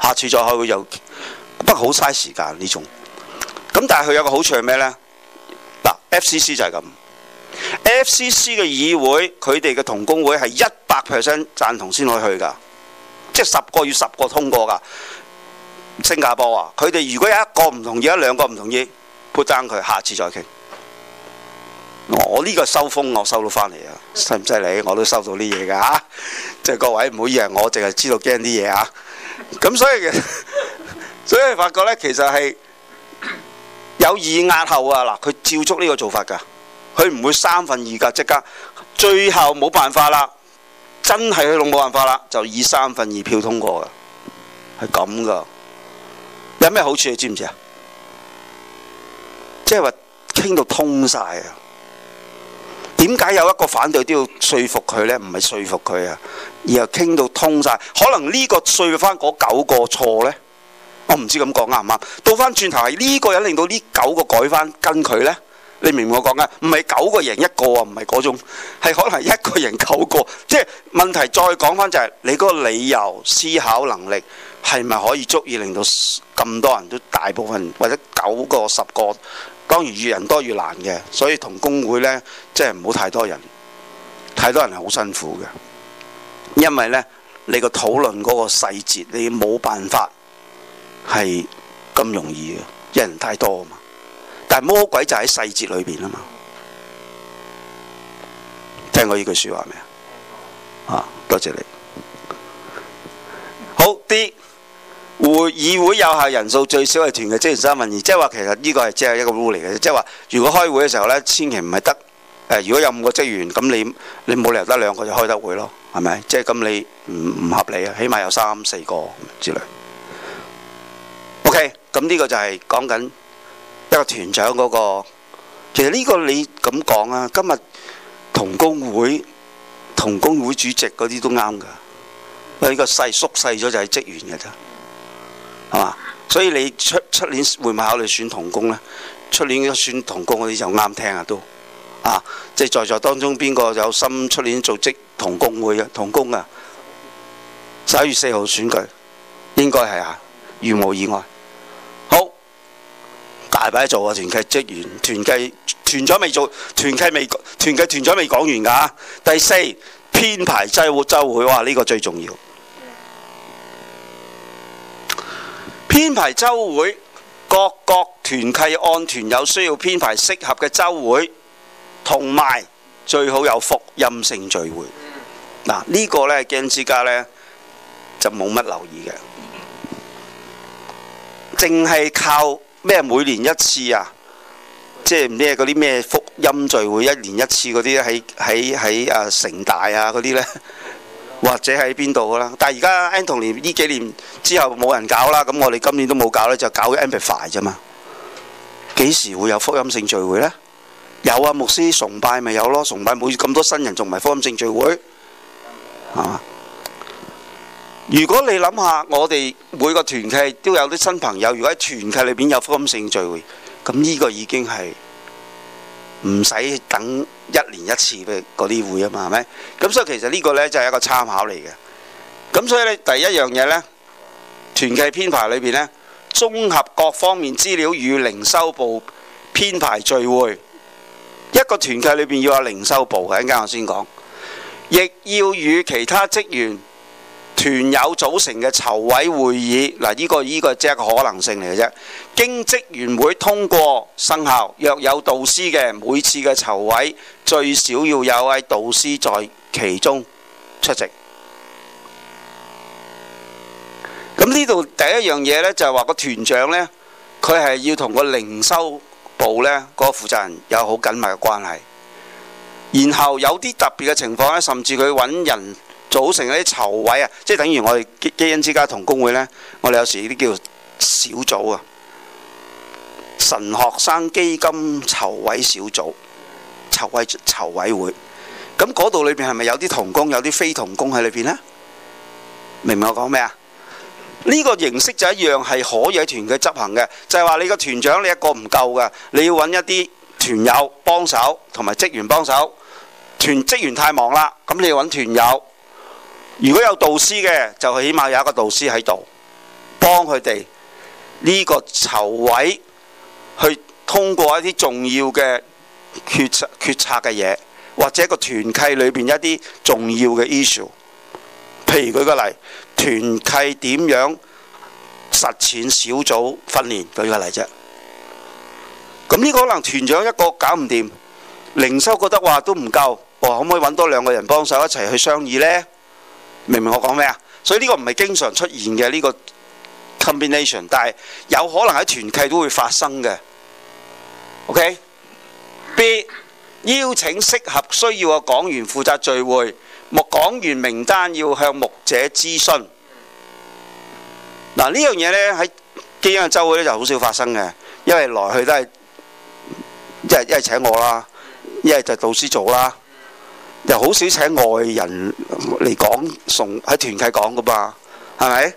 下次再開會就，不過好嘥時間呢種。咁但係佢有個好處係咩呢？FCC 就係咁，FCC 嘅議會佢哋嘅同工會係一百 percent 贊同先可以去噶，即係十個要十個通過噶。新加坡啊，佢哋如果有一個唔同意，一兩個唔同意，put down 佢，下次再傾。我呢個收風，我收到翻嚟啊！犀唔犀利？我都收到啲嘢㗎嚇，即係各位唔好以為我淨係知道驚啲嘢呀。咁、啊、所以其實，所以發覺咧，其實係有意押後啊！嗱，佢照足呢個做法㗎，佢唔會三分二及即刻，最後冇辦法啦，真係佢冇辦法啦，就以三分二票通過㗎，係咁㗎。有咩好處？你知唔知啊？即係話傾到通晒。啊！點解有一個反對都要說服佢咧？唔係說服佢啊，而係傾到通晒。可能呢個説翻嗰九個錯咧，我唔知咁講啱唔啱。倒翻轉頭係呢個人令到呢九個改翻跟佢咧，你明唔明我講嘅？唔係九個贏一個啊，唔係嗰種，係可能一個贏九個。即係問題再講翻就係你嗰個理由思考能力係咪可以足以令到咁多人都大部分或者九個十個？當然越人多越難嘅，所以同工會呢，即係唔好太多人，太多人係好辛苦嘅，因為呢，你個討論嗰個細節，你冇辦法係咁容易嘅，一人太多啊嘛。但係魔鬼就喺細節裏邊啊嘛。聽過呢句説話未啊？啊，多謝你。好啲。D 會議會有效人數最少係團嘅職員三分二，即係話其實呢個係即係一個 rule 嚟嘅，即係話如果開會嘅時候呢，千祈唔係得誒，如果有五個職員，咁你你冇理由得兩個就開得會咯，係咪？即係咁你唔唔合理啊，起碼有三四個之類。OK，咁呢個就係講緊一個團長嗰個，其實呢個你咁講啊，今日同工會同工會主席嗰啲都啱㗎，因為呢個細縮細咗就係職員嘅啫。係嘛？所以你出出年會唔會考慮選同工呢？出年選同工嗰啲就啱聽啊都，啊，即係在座當中邊個有心出年組織同工會嘅同工啊？十一月四號選舉應該係啊，如無意外，好大把做啊！團契職員，團契團長未做，團契未團契團長未講完噶，啊。第四編排周會，哇，呢，這個最重要。編排週會，各國團契按團有需要編排適合嘅週會，同埋最好有福音性聚會。嗱呢、呢個呢，基恩之家呢，就冇乜留意嘅，淨係靠咩每年一次啊？即係咩？嗰啲咩福音聚會，一年一次嗰啲喺喺喺啊城大啊嗰啲呢。或者喺邊度啦？但係而家 Antony 呢幾年之後冇人搞啦，咁我哋今年都冇搞咧，就搞 Amplify 啫嘛。幾時會有福音性聚會呢？有啊，牧師崇拜咪有咯，崇拜冇咁多新人，仲唔係福音性聚會係嘛、啊？如果你諗下，我哋每個團契都有啲新朋友，如果喺團契裏邊有福音性聚會，咁呢個已經係。唔使等一年一次嘅嗰啲會啊嘛，係咪？咁所以其實這個呢個咧就係、是、一個參考嚟嘅。咁所以咧第一樣嘢咧，團契編排裏邊咧，綜合各方面資料與靈修部編排聚會。一個團契裏邊要有靈修部嘅，啱啱，我先講，亦要與其他職員。團友組成嘅籌委會議，嗱、這個，依、這個依個即係可能性嚟嘅啫。經職員會通過生效，若有導師嘅，每次嘅籌委最少要有位導師在其中出席。咁呢度第一樣嘢呢，就係、是、話個團長呢，佢係要同個靈修部呢、那個負責人有好緊密嘅關係。然後有啲特別嘅情況咧，甚至佢揾人。組成嗰啲籌委啊，即係等於我哋基恩之家同工會呢。我哋有時呢啲叫小組啊，神學生基金籌委小組、籌委籌委會。咁嗰度裏邊係咪有啲同工，有啲非同工喺裏邊呢？明唔明我講咩啊？呢、這個形式就是一樣係可以喺團嘅執行嘅，就係、是、話你個團長你一個唔夠嘅，你要揾一啲團友幫手同埋職員幫手。團職員太忙啦，咁你要揾團友。如果有導師嘅，就起碼有一個導師喺度幫佢哋呢個籌委，去通過一啲重要嘅決策決策嘅嘢，或者個團契裏邊一啲重要嘅 issue，譬如舉個例，團契點樣實踐小組訓練，舉個例啫。咁呢個可能團長一個搞唔掂，靈修覺得話都唔夠，我、哦、可唔可以揾多兩個人幫手一齊去商議呢？明明我講咩啊？所以呢個唔係經常出現嘅呢個 combination，但係有可能喺團契都會發生嘅。OK，B、okay? 邀請適合需要嘅講員負責聚會，牧講員名單要向牧者諮詢。嗱、這個、呢樣嘢咧喺基恩州咧就好少發生嘅，因為來去都係一係一係請我啦，一係就導師做啦。又好少請外人嚟講，從喺團契講㗎嘛，係咪？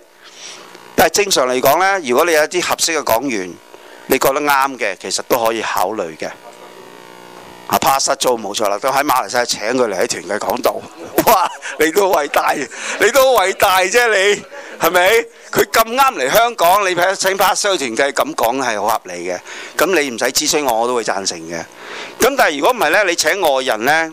但係正常嚟講呢，如果你有一啲合適嘅講員，你覺得啱嘅，其實都可以考慮嘅。啊，pastor 做冇錯啦，都喺馬來西亞請佢嚟喺團契講道。哇，你都好偉大，你都好偉大啫，你係咪？佢咁啱嚟香港，你請 pastor 團契咁講係好合理嘅。咁你唔使諮詢我，我都會贊成嘅。咁但係如果唔係呢，你請外人呢？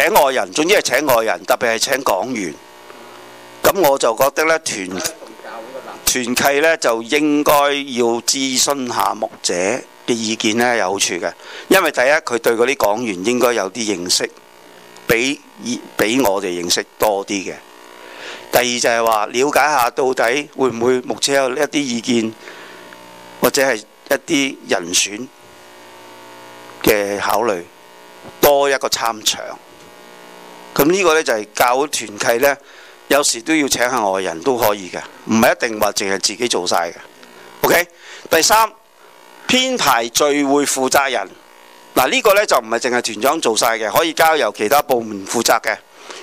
請外人，總之係請外人，特別係請講員。咁我就覺得咧，團團契呢，就應該要諮詢下牧者嘅意見呢，有好處嘅。因為第一，佢對嗰啲講員應該有啲認識，比比我哋認識多啲嘅。第二就係話，了解下到底會唔會牧者有一啲意見，或者係一啲人選嘅考慮，多一個參詳。咁呢個呢，就係教會團契呢，有時都要請下外人都可以嘅，唔係一定話淨係自己做晒嘅。OK，第三，編排聚會負責人。嗱，呢個呢，就唔係淨係團長做晒嘅，可以交由其他部門負責嘅。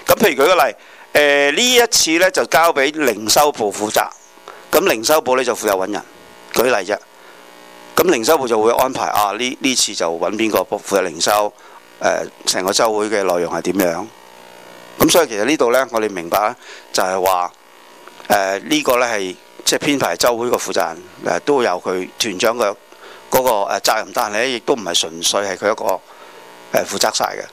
咁譬如舉個例，誒，呢一次呢，就交俾零售部負責，咁零售部呢，就負責揾人舉例啫。咁零售部就會安排啊，呢呢次就揾邊個部負責零售，成個週會嘅內容係點樣？咁、嗯、所以其實呢度呢，我哋明白咧，就係話呢個呢，係即係編排周會個負責人都有佢團長嘅個個責任，但係亦都唔係純粹係佢一個誒、呃、負責晒嘅。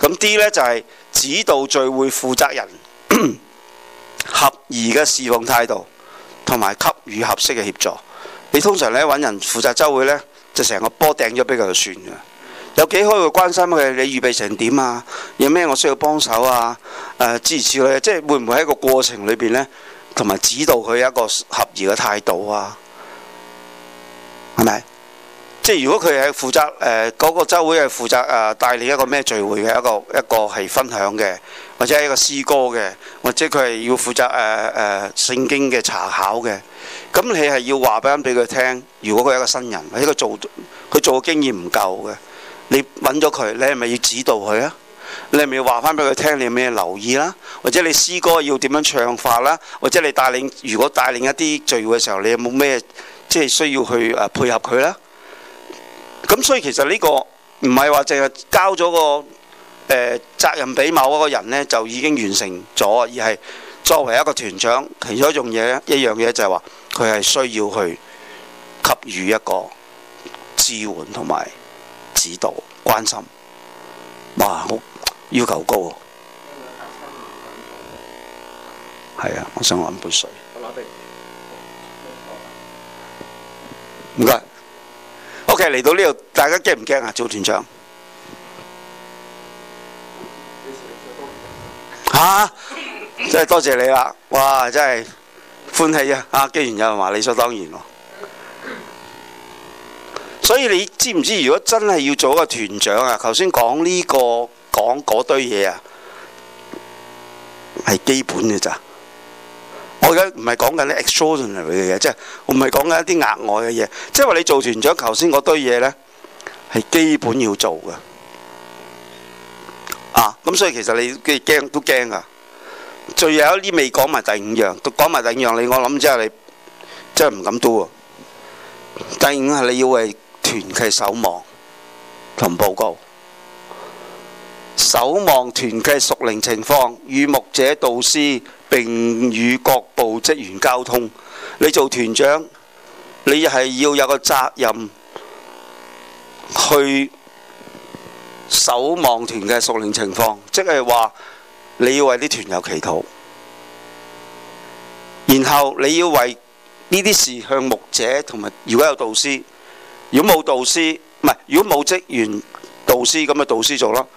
咁 D 呢，就係、是、指導聚會負責人 合宜嘅侍奉態度同埋給予合適嘅協助。你通常呢，揾人負責周會呢，就成個波掟咗俾佢就算嘅。有幾開會關心佢？你預備成點啊？有咩我需要幫手啊？誒、呃，支持佢？即係會唔會喺一個過程裏邊呢？同埋指導佢一個合宜嘅態度啊，係咪？即係如果佢係負責誒嗰、呃嗰個週會係負責誒、呃、帶你一個咩聚會嘅一個一個係分享嘅，或者係一個詩歌嘅，或者佢係要負責誒誒、呃呃、聖經嘅查考嘅，咁你係要話俾人俾佢聽。如果佢係一個新人，或者佢做佢做嘅經驗唔夠嘅。你揾咗佢，你係咪要指導佢啊？你係咪要話翻俾佢聽，你有咩留意啦？或者你詩歌要點樣唱法啦？或者你帶領，如果帶領一啲聚會嘅時候，你有冇咩即係需要去誒配合佢呢？咁所以其實呢個唔係話淨係交咗個誒、呃、責任俾某一個人呢，就已經完成咗，而係作為一個團長，其中一樣嘢，一樣嘢就係話佢係需要去給予一個支援同埋。指導、關心，哇！好要求高啊。係啊，我想飲杯水。唔該。OK，嚟到呢度，大家驚唔驚啊？做團長。吓！真係多謝你啦！哇！真係歡喜啊！啊，既然有人話理所當然喎。所以你知唔知？如果真係要做一個團長啊，頭先講呢個講嗰堆嘢啊，係基本嘅咋。我而家唔係講緊啲 extraordinary 嘅嘢，即係唔係講緊一啲額外嘅嘢。即係話你做團長，頭先嗰堆嘢咧係基本要做嘅。啊，咁所以其實你驚都驚㗎。仲有一啲未講埋第五樣，講埋第五樣你我諗之後你真係唔敢做啊。第五係你要為團契守望同報告，守望團契屬靈情況，與牧者、導師並與各部職員溝通。你做團長，你係要有個責任去守望團嘅屬靈情況，即係話你要為啲團友祈禱，然後你要為呢啲事向牧者同埋如果有導師。如果冇導師，唔係；如果冇職員導師，咁咪導師做咯。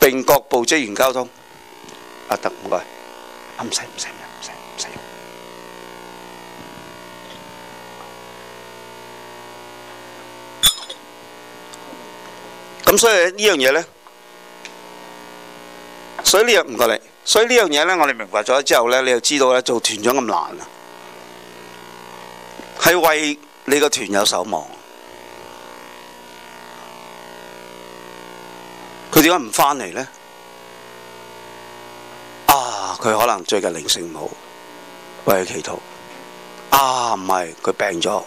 並各部職員交通。阿德唔該。唔使唔使唔使唔使。咁所以呢樣嘢咧，所以呢樣唔該你。所以呢樣嘢咧，我哋明白咗之後咧，你就知道咧，做團長咁難啊，係為你個團友守望。佢點解唔返嚟呢？啊！佢可能最近靈性唔好，為佢祈禱。啊，唔係佢病咗，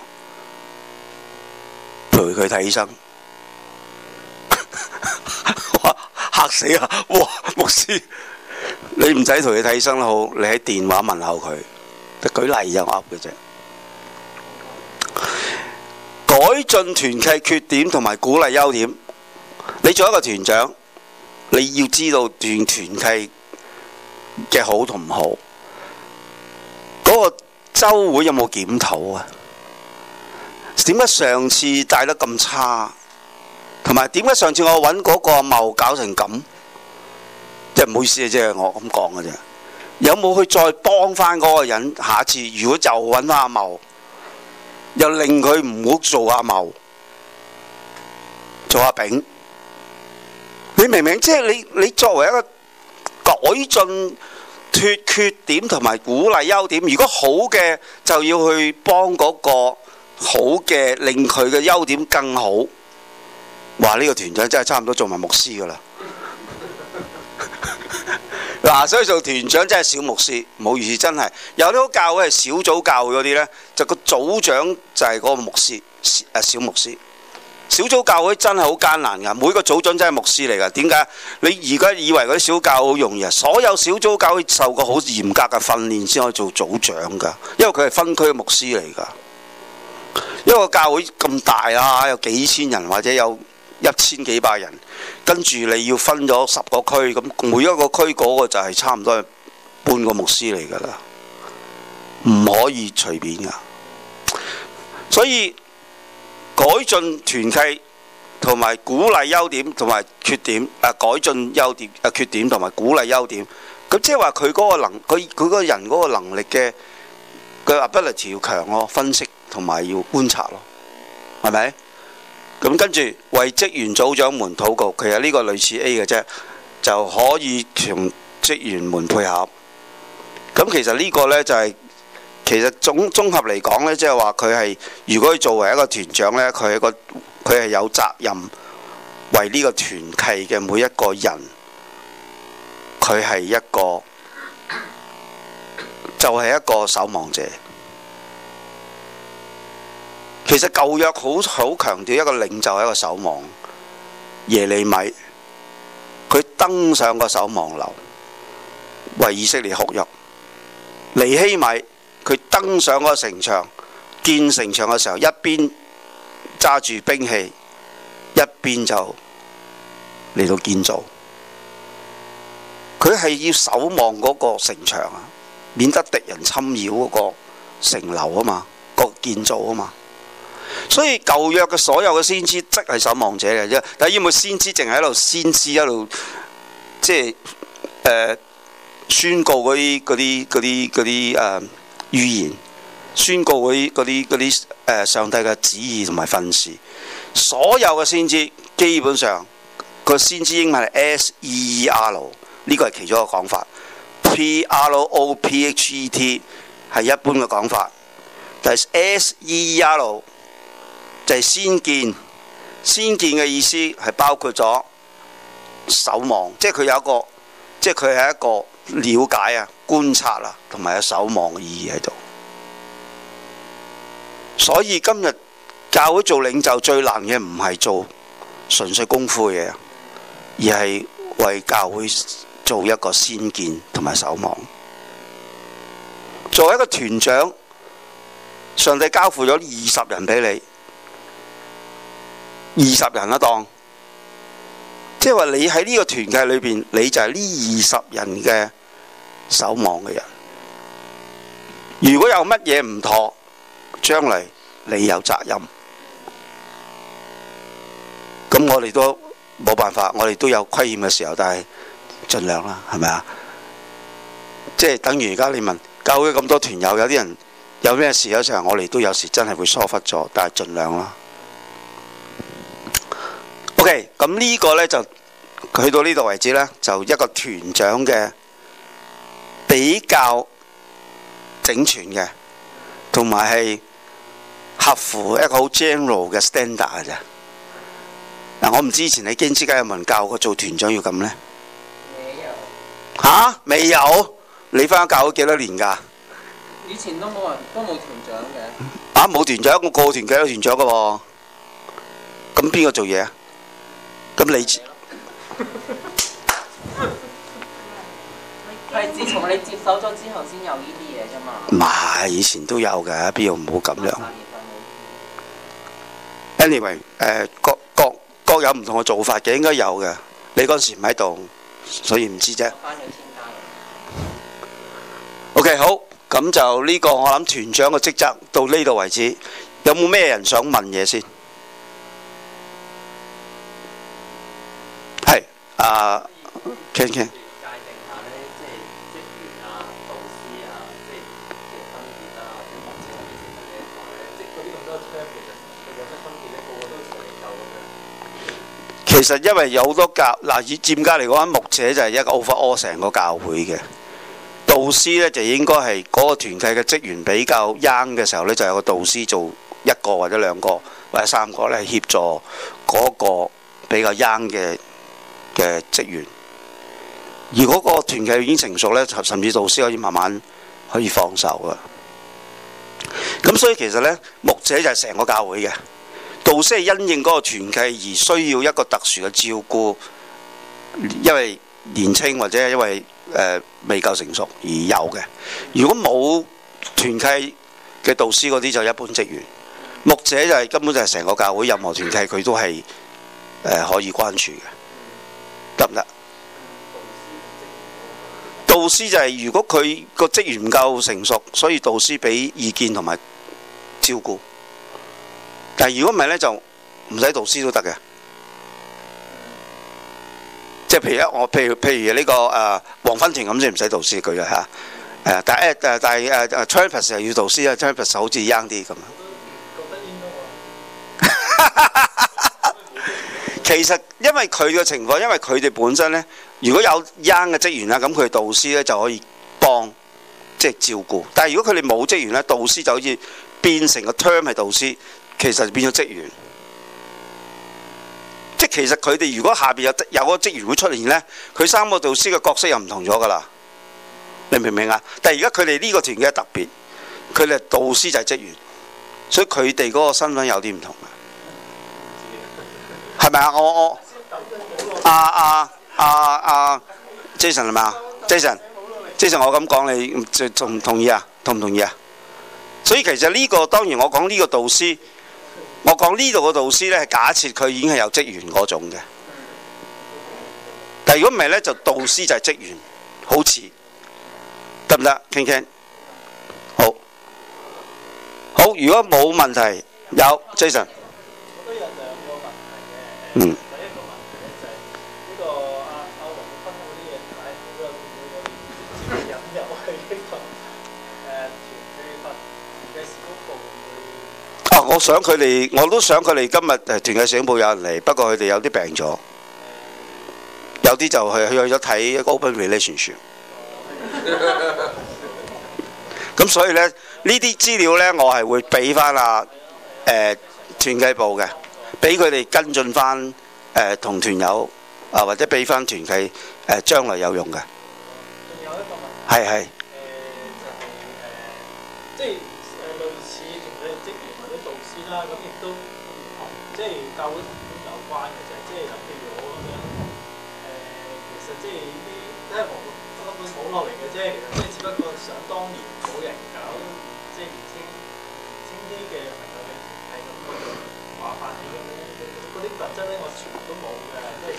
陪佢睇醫生。 哇！嚇死啊哇！牧師，你唔使陪佢睇醫生都好，你喺電話問候佢。得舉例就噏嘅啫。改進團契缺點同埋鼓勵優點。你做一個團長，你要知道段團契嘅好同唔好。嗰個週會有冇檢討啊？點解上次帶得咁差？同埋點解上次我揾嗰個阿茂搞成咁？即係唔好意思，即係我咁講嘅啫。有冇去再幫返嗰個人？下次如果就揾阿茂，又令佢唔好做阿茂，做阿炳。你明明即係你，你作為一個改進、脫缺點同埋鼓勵優點，如果好嘅就要去幫嗰個好嘅，令佢嘅優點更好。話呢個團長真係差唔多做埋牧師㗎啦。嗱， 所以做團長真係小牧師，唔好意思，真係。有啲教會係小組教會嗰啲呢，就個組長就係嗰個牧師，啊小，小牧師。小組教會真係好艱難噶，每個組長真係牧師嚟噶。點解？你而家以為嗰啲小教會好容易啊？所有小組教會受過好嚴格嘅訓練先可以做組長噶，因為佢係分區嘅牧師嚟噶。因為一個教會咁大呀，有幾千人或者有一千幾百人，跟住你要分咗十個區，咁每一個區嗰個就係差唔多係半個牧師嚟噶啦，唔可以隨便噶。所以。改進團契同埋鼓勵優點同埋缺點，啊改進優點啊缺點同埋鼓勵優點，咁即係話佢嗰個能佢佢個人嗰個能力嘅，佢話 ability 要強咯，分析同埋要觀察咯，係咪？咁跟住為職員組長們禱告，其實呢個類似 A 嘅啫，就可以同職員們配合。咁其實呢個呢，就係、是。其實總綜合嚟講呢，即係話佢係如果佢作為一個團長呢，佢係有責任為呢個團契嘅每一個人，佢係一個就係一個守望者。其實舊約好好強調一個領袖係一個守望。耶利米，佢登上個守望樓，為以色列哭泣。尼希米。佢登上嗰個城牆，建城牆嘅時候，一邊揸住兵器，一邊就嚟到建造。佢係要守望嗰個城牆啊，免得敵人侵擾嗰個城樓啊嘛，嗰個建造啊嘛。所以舊約嘅所有嘅先知，即係守望者嘅啫。但係依冇先知，淨係喺度先知一路，即係誒、呃、宣告嗰啲啲啲啲誒。預言，宣告佢嗰啲嗰啲誒上帝嘅旨意同埋訓示，所有嘅先知，基本上個先知英文係 S E E R，呢個係其中一個講法。P R O P H E T 係一般嘅講法，但係 S E E R 就係先見。先見嘅意思係包括咗守望，即係佢有一個，即係佢係一個了解啊。觀察啊，同埋有守望嘅意義喺度。所以今日教會做領袖最難嘅唔係做純粹功夫嘅嘢，而係為教會做一個先見同埋守望。作為一個團長，上帝交付咗二十人俾你，二十人一檔，即係話你喺呢個團契裏邊，你就係呢二十人嘅守望嘅人，如果有乜嘢唔妥，將來你有責任。咁我哋都冇辦法，我哋都有虧欠嘅時候，但係盡量啦，係咪啊？即係等於而家你問教咗咁多團友，有啲人有咩事，有時候我哋都有時真係會疏忽咗，但係盡量啦。OK，咁呢個呢，就去到呢度為止啦，就一個團長嘅。比較整全嘅，同埋係合乎一個好 general 嘅 standard 嘅。嗱、啊，我唔知以前你京之街有冇人教過做團長要咁呢？嚇，未、啊、有？你翻教咗幾多年㗎？以前都冇人，都冇團長嘅。啊，冇團長，我個團幾有團長㗎喎？咁邊個做嘢？咁你？ 係自從你接手咗之後，先有呢啲嘢啫嘛。唔係，以前都有嘅，唔好咁樣。Anyway，誒，各各各有唔同嘅做法嘅，應該有嘅。你嗰時唔喺度，所以唔知啫。OK，好，咁就呢個我諗團長嘅職責到呢度為止。有冇咩人想問嘢先？係啊，健健。其實因為有好多教嗱以漸家嚟講，牧者就係一個 over all 成個教會嘅導師呢就應該係嗰個團契嘅職員比較 young 嘅時候呢就有個導師做一個或者兩個或者三個呢協助嗰個比較 young 嘅嘅職員。而嗰個團契已經成熟呢，甚至導師可以慢慢可以放手㗎。咁所以其實呢，牧者就係成個教會嘅。導師係因應嗰個團契而需要一個特殊嘅照顧，因為年青或者因為、呃、未夠成熟而有嘅。如果冇團契嘅導師嗰啲就係一般職員，牧者就係、是、根本就係成個教會任何團契佢都係、呃、可以關注嘅，得唔得？導師就係、是、如果佢個職員唔夠成熟，所以導師俾意見同埋照顧。但係如果唔係咧，就唔使導師都得嘅，即係譬如我譬如譬如呢、這個誒、呃、黃分婷咁先唔使導師佢啦嚇但係但係 t r a v i s 又要導師啊 t r a v i s 好似 young 啲咁。 其實因為佢嘅情況，因為佢哋本身咧，如果有 young 嘅職員啦，咁佢哋導師咧就可以幫即係、就是、照顧。但係如果佢哋冇職員咧，導師就好似變成個 term 係導師。其實變咗職員，即係其實佢哋如果下邊有有個職員會出現呢，佢三個導師嘅角色又唔同咗㗎啦。你明唔明啊？但係而家佢哋呢個團嘅特別，佢哋導師就係職員，所以佢哋嗰個身份有啲唔同嘅，係咪啊？我我阿阿阿阿 Jason 係咪啊？Jason，Jason，我咁講你同唔同意啊？同唔同意啊？所以其實呢個當然我講呢個導師。我講呢度個導師呢，係假設佢已經係有職員嗰種嘅。但如果唔係呢，就導師就係職員，好似得唔得？傾傾好，好。如果冇問題，有 Jason。嗯。我想佢哋，我都想佢哋今日誒團契社務部有人嚟，不過佢哋有啲病咗，有啲就去去咗睇一個 open relationship，咁 所以咧，呢啲資料呢，我係會俾翻阿誒團契部嘅，俾佢哋跟進翻誒同團友啊，或者俾翻團契誒、啊、將來有用嘅。係係。教會都有關嘅啫，即係又譬如我咁樣誒，其實即係啲真係冇根本冇落嚟嘅啫，即係只不過想當年冇人搞，即係年輕年輕啲嘅朋友係咁話翻起嘅啫，嗰啲特質咧，我全部都冇嘅，即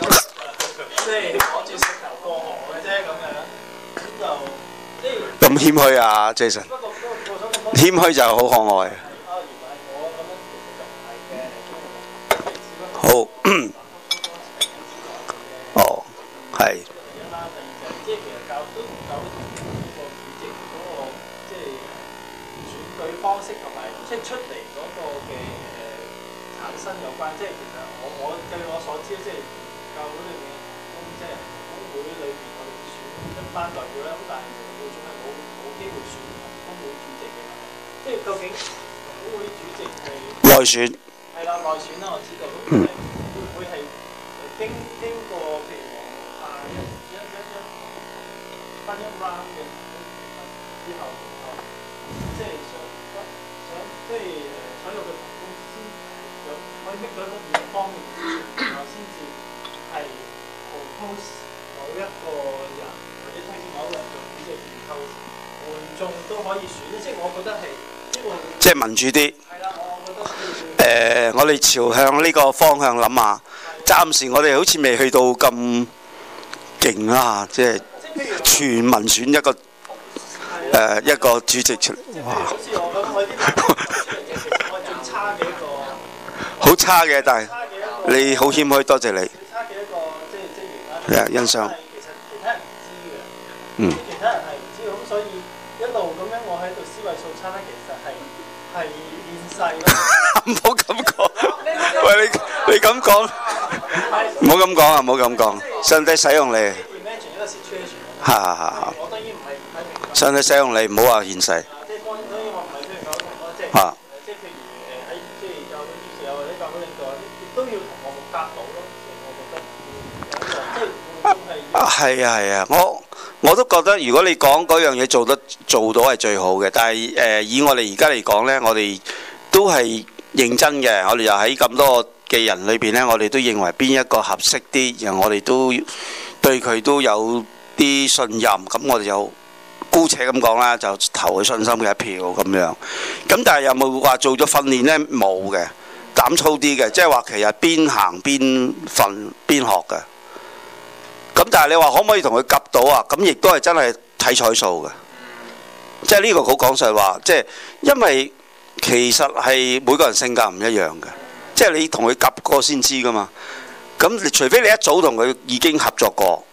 係即係攞住石頭過河嘅啫咁樣，咁就即係咁謙虛啊，Jason，謙虛就好可愛。好，哦，係。即係選舉方式同埋即係出嚟嗰個嘅誒產生有關，即係其實我我據我所知即係教會工會嗰啲裏邊，我哋選一班代表啦，好，但係最終係冇冇機會選同工會主席嘅，即係究竟工會主席係。內選。係啦，內選啦，我知道咁，佢哋會唔會係誒經經過譬如話啊一一一張，分一 round 嘅之後想想然後即係想想即所有嘅用佢先至有可以搣咗一啲嘅方面然後先至係 propose 某一個人或者推某一樣嘢去溝觀眾都可以選，即係我覺得係。即係民主啲，誒、嗯嗯嗯，我哋朝向呢個方向諗下，暫、嗯、時我哋好似未去到咁勁啦，即係全民選一個誒、呃、一個主席出嚟。哇！好差嘅，但係你好謙虛，多謝、謝你。你、嗯、啊，欣賞。唔好咁講，喂，你你咁講，唔好咁講啊！唔好咁講，上帝使用你，係係係。上帝使用你，唔好話現實。都要同我哋夾到囉。我覺得，啊，係啊係啊，我我都覺得，如果你講嗰樣嘢做得做到係最好嘅，但係誒、呃、以我哋而家嚟講咧，我哋。都係認真嘅，我哋又喺咁多嘅人裏邊呢，我哋都認為邊一個合適啲。其實係每個人性格唔一樣嘅，即係你同佢夾過先知噶嘛。咁除非你一早同佢已經合作過，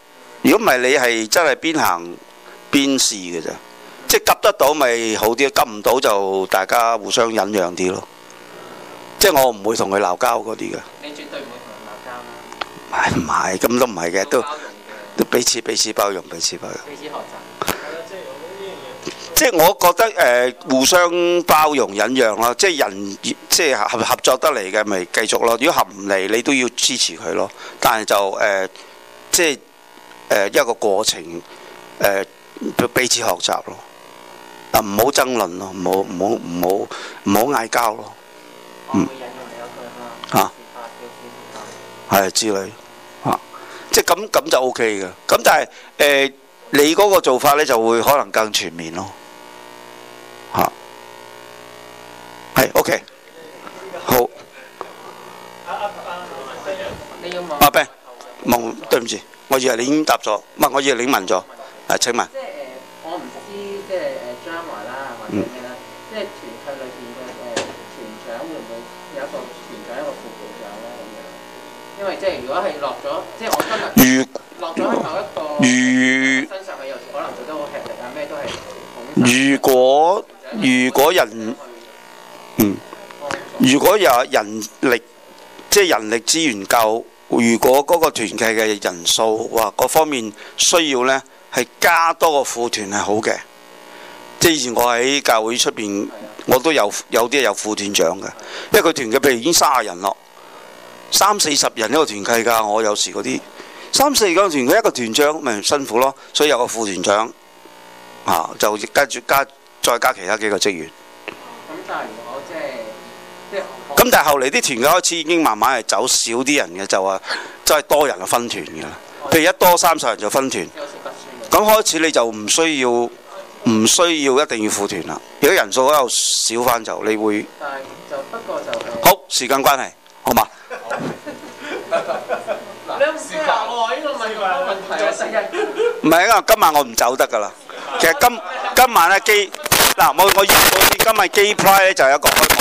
如果唔係，你係真係邊行邊試嘅啫。即係夾得到咪好啲，夾唔到就大家互相忍讓啲咯。即係我唔會同佢鬧交嗰啲嘅。你絕對唔會同佢鬧交？唔係，唔係，咁都唔係嘅，都都，都彼此彼此包容，彼此包容。即係我覺得誒、呃、互相包容忍讓咯，即係人即係合合作得嚟嘅咪繼續咯。如果合唔嚟，你都要支持佢咯。但係就誒、呃、即係誒、呃、一個過程誒，彼此學習咯。啊，唔好爭論咯，唔好唔好唔好嗌交咯。嗯。啊。嚇。係之類啊，即係咁咁就 O K 嘅。咁但係誒你嗰個做法咧就會可能更全面咯。好，係 OK，好。阿 Ben，問，對唔住，我以為你已經答咗，唔係我以為你問咗。誒，請問。即係誒，我唔知即係誒，將來啦，或者即係團體裏面嘅誒，團長會唔會有一個團長一個副團長咧咁樣？因為即係如果係落咗，即係我今日落咗喺某一個身上，佢又可能做得好吃力啊，咩都係好吃力。如果如果人，嗯，如果有人力，即係人力資源夠，如果嗰個團契嘅人數或各方面需要咧，係加多個副團係好嘅。即係以前我喺教會出邊，我都有有啲有副團長嘅，因為佢團嘅譬如已經卅人咯，三四十人一個團契噶，我有時嗰啲三四個個團契一個團長咪辛苦咯，所以有個副團長啊，就加住加。再加其他幾個職員。咁但係我即係即係。咁但係後嚟啲團開始已經慢慢係走少啲人嘅，就話真係多人嘅分團嘅啦。譬如一多三十人就分團。有時分散。咁開始你就唔需要唔需要一定要副團啦。如果人數喺度少翻就你會。但係就不過就。好時間關係，好嘛？你冇時間喎，呢個咪又係問題。唔係，因為今晚我唔走得㗎啦。其實今今晚咧機。嗱、啊，我我預我，我今日 g p l a y 咧就有一個